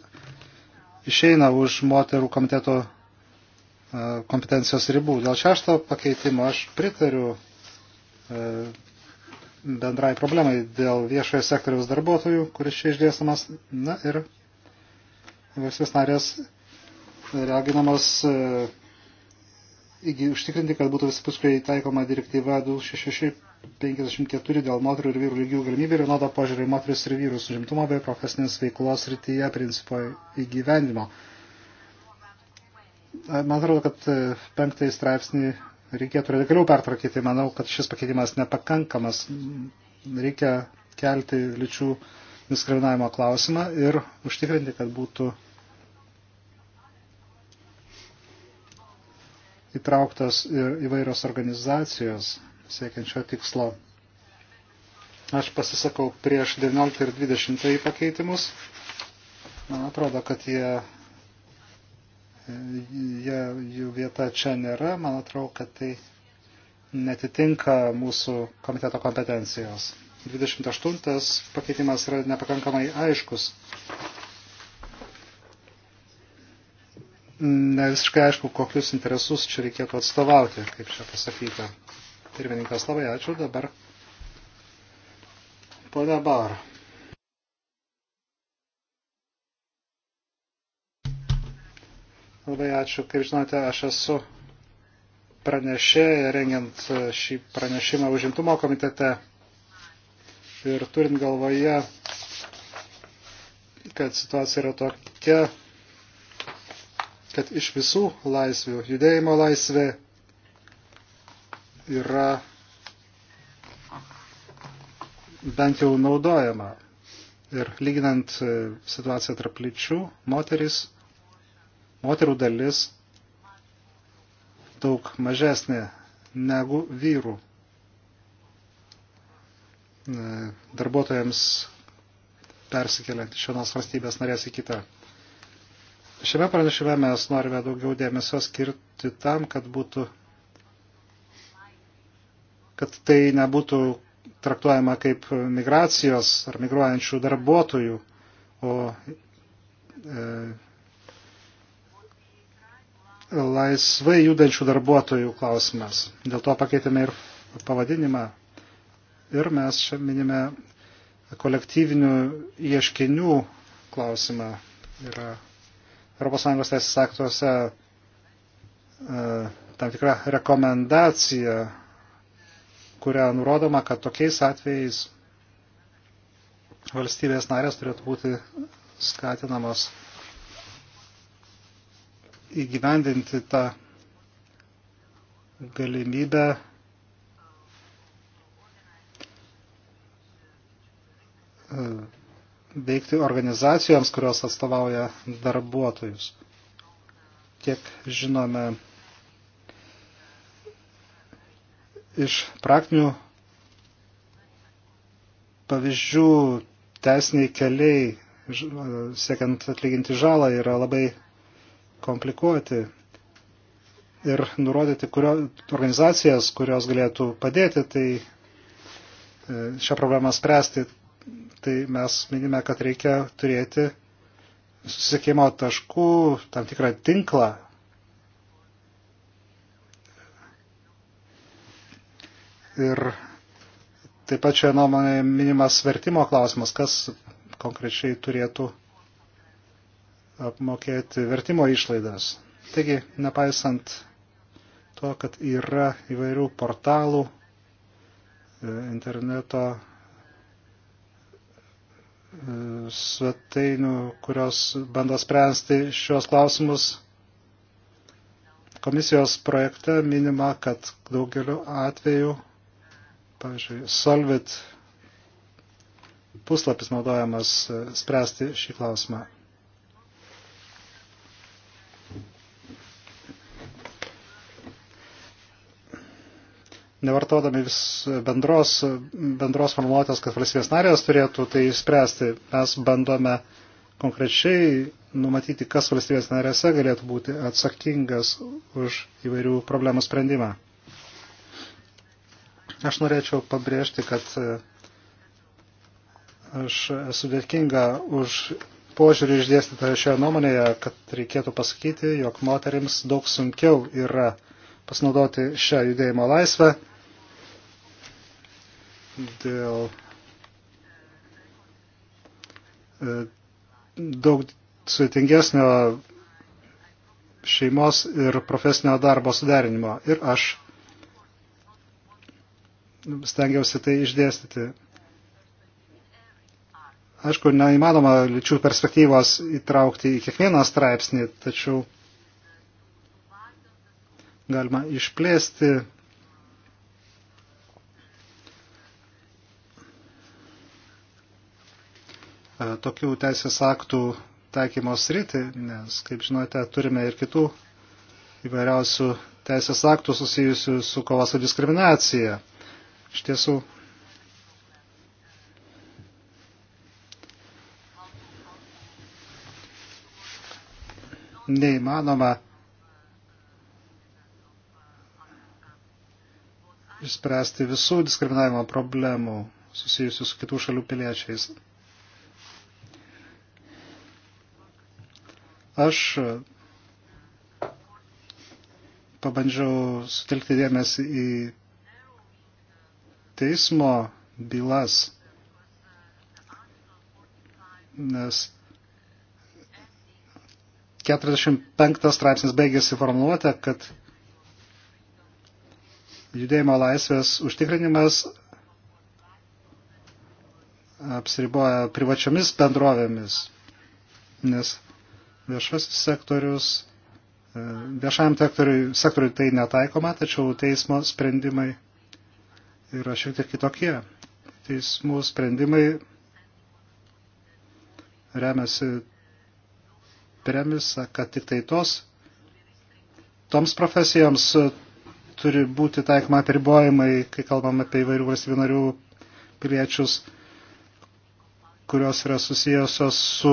išeina už moterų komiteto e, kompetencijos ribų. Dėl šešto pakeitimo aš pritariu e, bendrai problemai dėl viešojo sektoriaus darbuotojų, kuris čia išdėstamas. Na ir valstybės narės raginamos e, įgy, užtikrinti, kad būtų visapuškai taikoma direktyva 2654 dėl moterų ir vyrų lygių galimybių ir nuodo požiūrį moteris ir vyrus užimtumo bei profesinės veiklos rytyje principo įgyvendimo. Man atrodo, kad e, penktąjį straipsnį reikėtų radikaliau pertvarkyti. Manau, kad šis pakeitimas nepakankamas. Reikia kelti lyčių diskriminavimo klausimą ir užtikrinti, kad būtų įtrauktos ir įvairios organizacijos siekiančio tikslo. Aš pasisakau prieš 19 ir 20 pakeitimus. Man atrodo, kad jie, jie, jų vieta čia nėra. Man atrodo, kad tai netitinka mūsų komiteto kompetencijos. 28 pakeitimas yra nepakankamai aiškus. ne visiškai aišku, kokius interesus čia reikėtų atstovauti, kaip čia pasakyta. Pirmininkas, labai ačiū dabar. Pone Bar. Labai ačiū, kaip žinote, aš esu pranešėja rengiant šį pranešimą užimtumo komitete ir turint galvoje, kad situacija yra tokia, kad iš visų laisvių judėjimo laisvė yra bent jau naudojama. Ir lyginant e, situaciją tarp lyčių, moteris, moterų dalis daug mažesnė negu vyrų. E, darbuotojams persikeliant iš vienos valstybės narės į kitą. Šiame pranešime mes norime daugiau dėmesio skirti tam, kad būtų kad tai nebūtų traktuojama kaip migracijos ar migruojančių darbuotojų, o e, laisvai judančių darbuotojų klausimas. Dėl to pakeitėme ir pavadinimą. Ir mes čia minime kolektyvinių ieškinių klausimą. Yra ES teisės aktuose e, tam tikrą rekomendaciją, kuria nurodoma, kad tokiais atvejais valstybės narės turėtų būti skatinamos įgyvendinti tą galimybę e, veikti organizacijoms, kurios atstovauja darbuotojus. Kiek žinome iš praktinių pavyzdžių, teisiniai keliai, siekiant atlyginti žalą, yra labai komplikuoti ir nurodyti kurio, organizacijas, kurios galėtų padėti, tai e, šią problemą spręsti tai mes minime, kad reikia turėti susisiekimo taškų, tam tikrą tinklą. Ir taip pat čia nuomonė minimas vertimo klausimas, kas konkrečiai turėtų apmokėti vertimo išlaidas. Taigi, nepaisant to, kad yra įvairių portalų, e, interneto svetainių, kurios bando spręsti šios klausimus. Komisijos projekte minima, kad daugeliu atveju, pavyzdžiui, Solvit puslapis naudojamas e, spręsti šį klausimą. nevartodami vis bendros, bendros formuluotės, kad valstybės narės turėtų tai spręsti. Mes bandome konkrečiai numatyti, kas valstybės narėse galėtų būti atsakingas už įvairių problemų sprendimą. Aš norėčiau pabrėžti, kad e, aš esu dėkinga už požiūrį išdėstytą šioje nuomonėje, kad reikėtų pasakyti, jog moterims daug sunkiau yra pasinaudoti šią judėjimo laisvę dėl e, daug sudėtingesnio šeimos ir profesinio darbo suderinimo. Ir aš stengiausi tai išdėstyti. Aišku, neįmanoma lyčių perspektyvos įtraukti į kiekvieną straipsnį, tačiau galima išplėsti e, tokių teisės aktų taikymo sritį, nes, kaip žinote, turime ir kitų įvairiausių teisės aktų susijusių su kova su diskriminacija. Iš tiesų, neįmanoma išspręsti visų diskriminavimo problemų susijusių su kitų šalių piliečiais. Aš pabandžiau sutelkti dėmesį į teismo bylas, nes 45 straipsnis baigėsi formuluotę, kad judėjimo laisvės užtikrinimas apsiriboja privačiomis bendrovėmis, nes viešasis sektorius, e, viešajam sektoriui, sektoriui tai netaikoma, tačiau teismo sprendimai yra šiek tiek kitokie. Teismų sprendimai remiasi premisa, kad tik tai tos, toms profesijoms turi būti taikoma atribojimai, kai kalbam apie įvairių valstybių narių piliečius, kurios yra susijusios su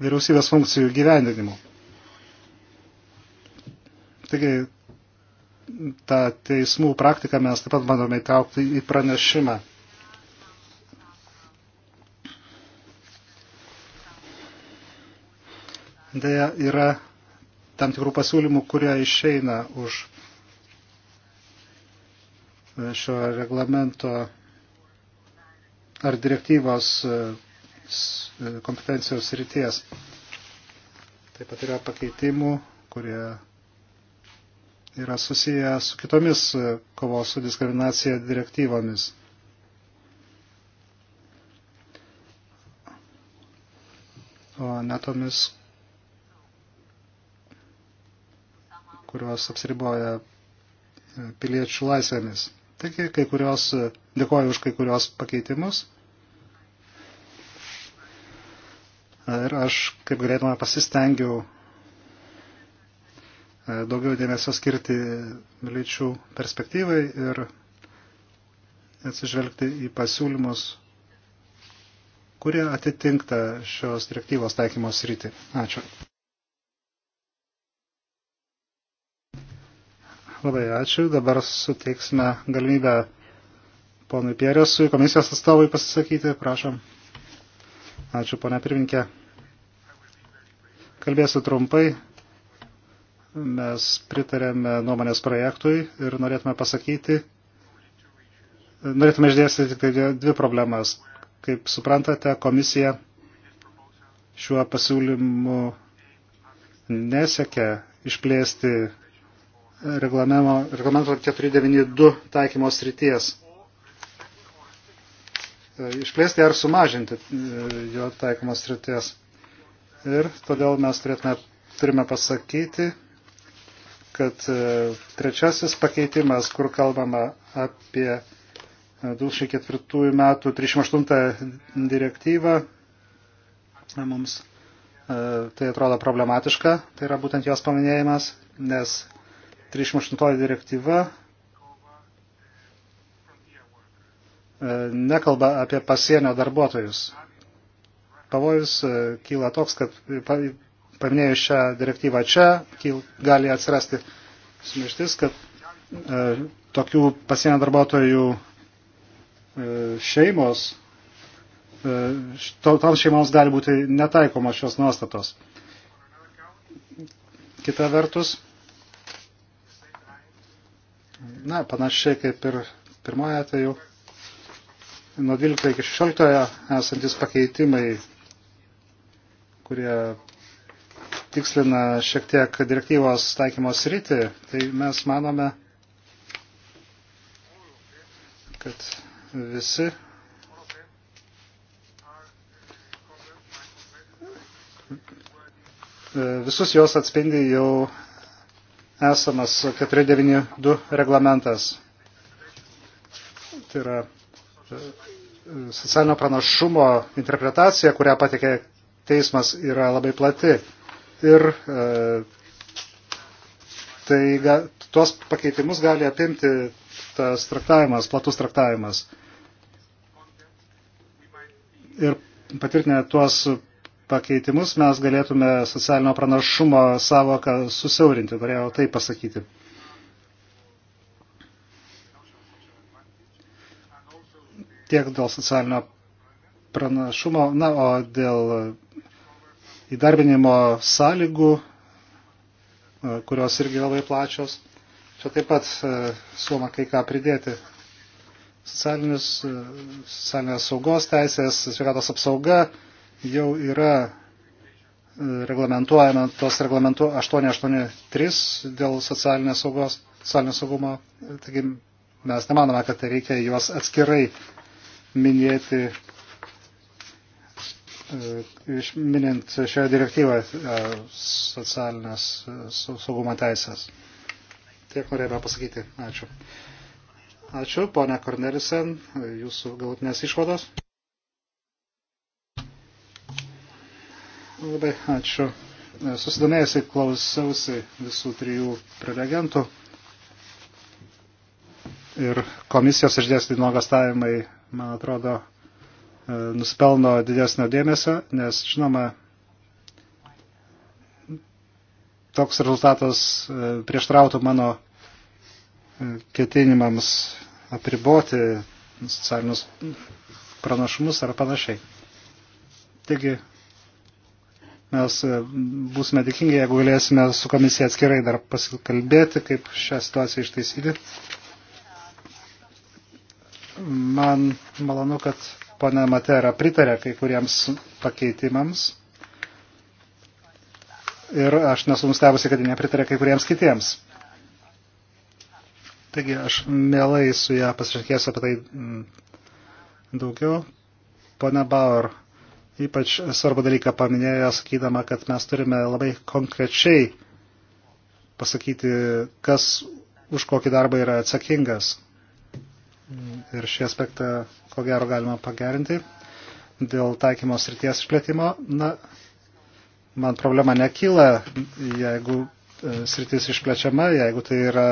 vyriausybės funkcijų gyvendinimu. Taigi, tą teismų praktiką mes taip pat bandome įtraukti į pranešimą. Deja, yra tam tikrų pasiūlymų, kurie išeina už šio reglamento ar direktyvos e, e, kompetencijos ryties. Taip pat yra pakeitimų, kurie yra susiję su kitomis e, kovos su diskriminacija direktyvomis. O netomis, kurios apsiriboja piliečių laisvėmis. Taigi, kai kurios, dėkoju už kai kurios pakeitimus. Ir aš, kaip galėtume, pasistengiau e, daugiau dėmesio skirti lyčių perspektyvai ir atsižvelgti į pasiūlymus, kurie atitinkta šios direktyvos taikymos rytį. Ačiū. Labai ačiū. Dabar suteiksime galimybę ponui Pierėsui, komisijos atstovui pasisakyti. Prašom. Ačiū, ponė pirminkė. Kalbėsiu trumpai. Mes pritarėme nuomonės projektui ir norėtume pasakyti, norėtume išdėstyti tik tai dvi problemas. Kaip suprantate, komisija šiuo pasiūlymu nesiekia išplėsti reglamento 492 taikymos ryties. Išplėsti ar sumažinti e, jo taikymos ryties. Ir todėl mes turėtume, turime pasakyti, kad e, trečiasis pakeitimas, kur kalbama apie 2004 e, metų 38 direktyvą, mums tai atrodo problematiška, tai yra būtent jos paminėjimas, nes 38 direktyva e, nekalba apie pasienio darbuotojus. Pavojus e, kyla toks, kad paminėjus šią direktyvą čia, gali atsirasti sumaištis, kad e, tokių pasienio darbuotojų e, šeimos, e, toms šeimoms gali būti netaikomos šios nuostatos. Kita vertus, na, panašiai kaip ir pirmoje atveju, tai nuo 12 iki 16 esantis pakeitimai, kurie tikslina šiek tiek direktyvos taikymos rytį, tai mes manome, kad visi visus jos atspindi jau esamas 492 reglamentas. Tai yra e, socialinio pranašumo interpretacija, kurią patikė teismas, yra labai plati. Ir e, tai ga, tuos pakeitimus gali apimti tas traktavimas, platus traktavimas. Ir patvirtinę tuos pakeitimus mes galėtume socialinio pranašumo savoką susiaurinti, norėjau tai pasakyti. Tiek dėl socialinio pranašumo, na, o dėl įdarbinimo sąlygų, e, kurios irgi labai plačios. Čia taip pat e, suoma kai ką pridėti. E, socialinės saugos teisės, sveikatos apsauga, jau yra e, reglamentuojama tos reglamentu 883 dėl socialinės saugos, socialinio saugumo. Taigi mes nemanome, kad tai reikia juos atskirai minėti, e, minint šioje direktyvoje e, socialinės saugumo teisės. Tiek norėjome pasakyti. Ačiū. Ačiū, ponia Kornelisen, jūsų galutinės išvados. Labai ačiū. Susidomėjusi klausiausi visų trijų prelegentų ir komisijos išdėstyti nuogastavimai, man atrodo, e, nusipelno didesnio dėmesio, nes, žinoma, toks rezultatas e, prieštrautų mano e, ketinimams apriboti socialinius pranašumus ar panašiai. Taigi, Mes e, būsime dėkingi, jeigu galėsime su komisija atskirai dar pasikalbėti, kaip šią situaciją ištaisyti. Man malonu, kad pana Matera pritarė kai kuriems pakeitimams. Ir aš nesu nustebusi, kad ji nepritarė kai kuriems kitiems. Taigi aš mielai su ją pasišnekėsiu apie tai mm, daugiau. Pana Bauer ypač svarbu dalyką paminėjo, sakydama, kad mes turime labai konkrečiai pasakyti, kas už kokį darbą yra atsakingas. Ir šį aspektą, ko gero, galima pagerinti dėl taikymo srities išplėtimo. Na, man problema nekyla, jeigu e, sritis išplečiama, jeigu tai yra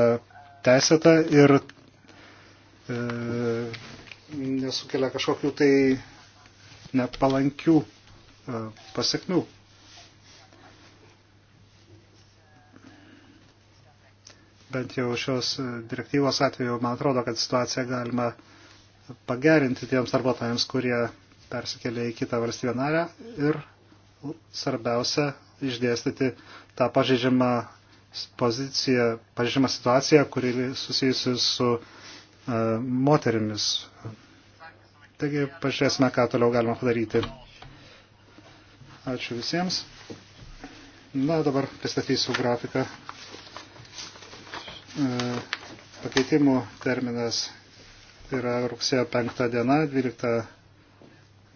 teisėta ir e, nesukelia kažkokių tai net palankių e, pasiekmių. Bent jau šios direktyvos atveju, man atrodo, kad situaciją galima pagerinti tiems darbuotojams, kurie persikėlė į kitą valstybę narę ir svarbiausia išdėstyti tą pažeidžiamą poziciją, pažeidžiamą situaciją, kuri susijusi su uh, moterimis Taigi pažiūrėsime, ką toliau galima padaryti. Ačiū visiems. Na, dabar pristatysiu grafiką. E, pakeitimų terminas yra rugsėjo 5 diena, 12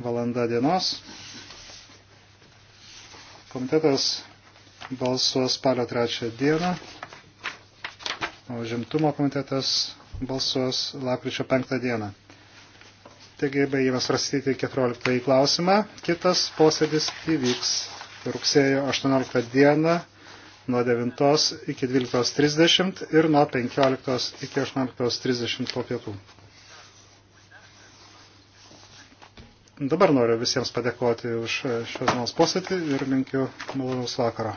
valanda dienos. Komitetas balsuos spalio 3 dieną, o žimtumo komitetas balsuos lapkričio 5 dieną. Taigi baigėme svarstyti 14 klausimą. Kitas posėdis įvyks rugsėjo 18 dieną nuo 9 iki 12.30 ir nuo 15 iki 18.30 po pietų. Dabar noriu visiems padėkoti už šios dienos posėdį ir linkiu malonaus vakaro.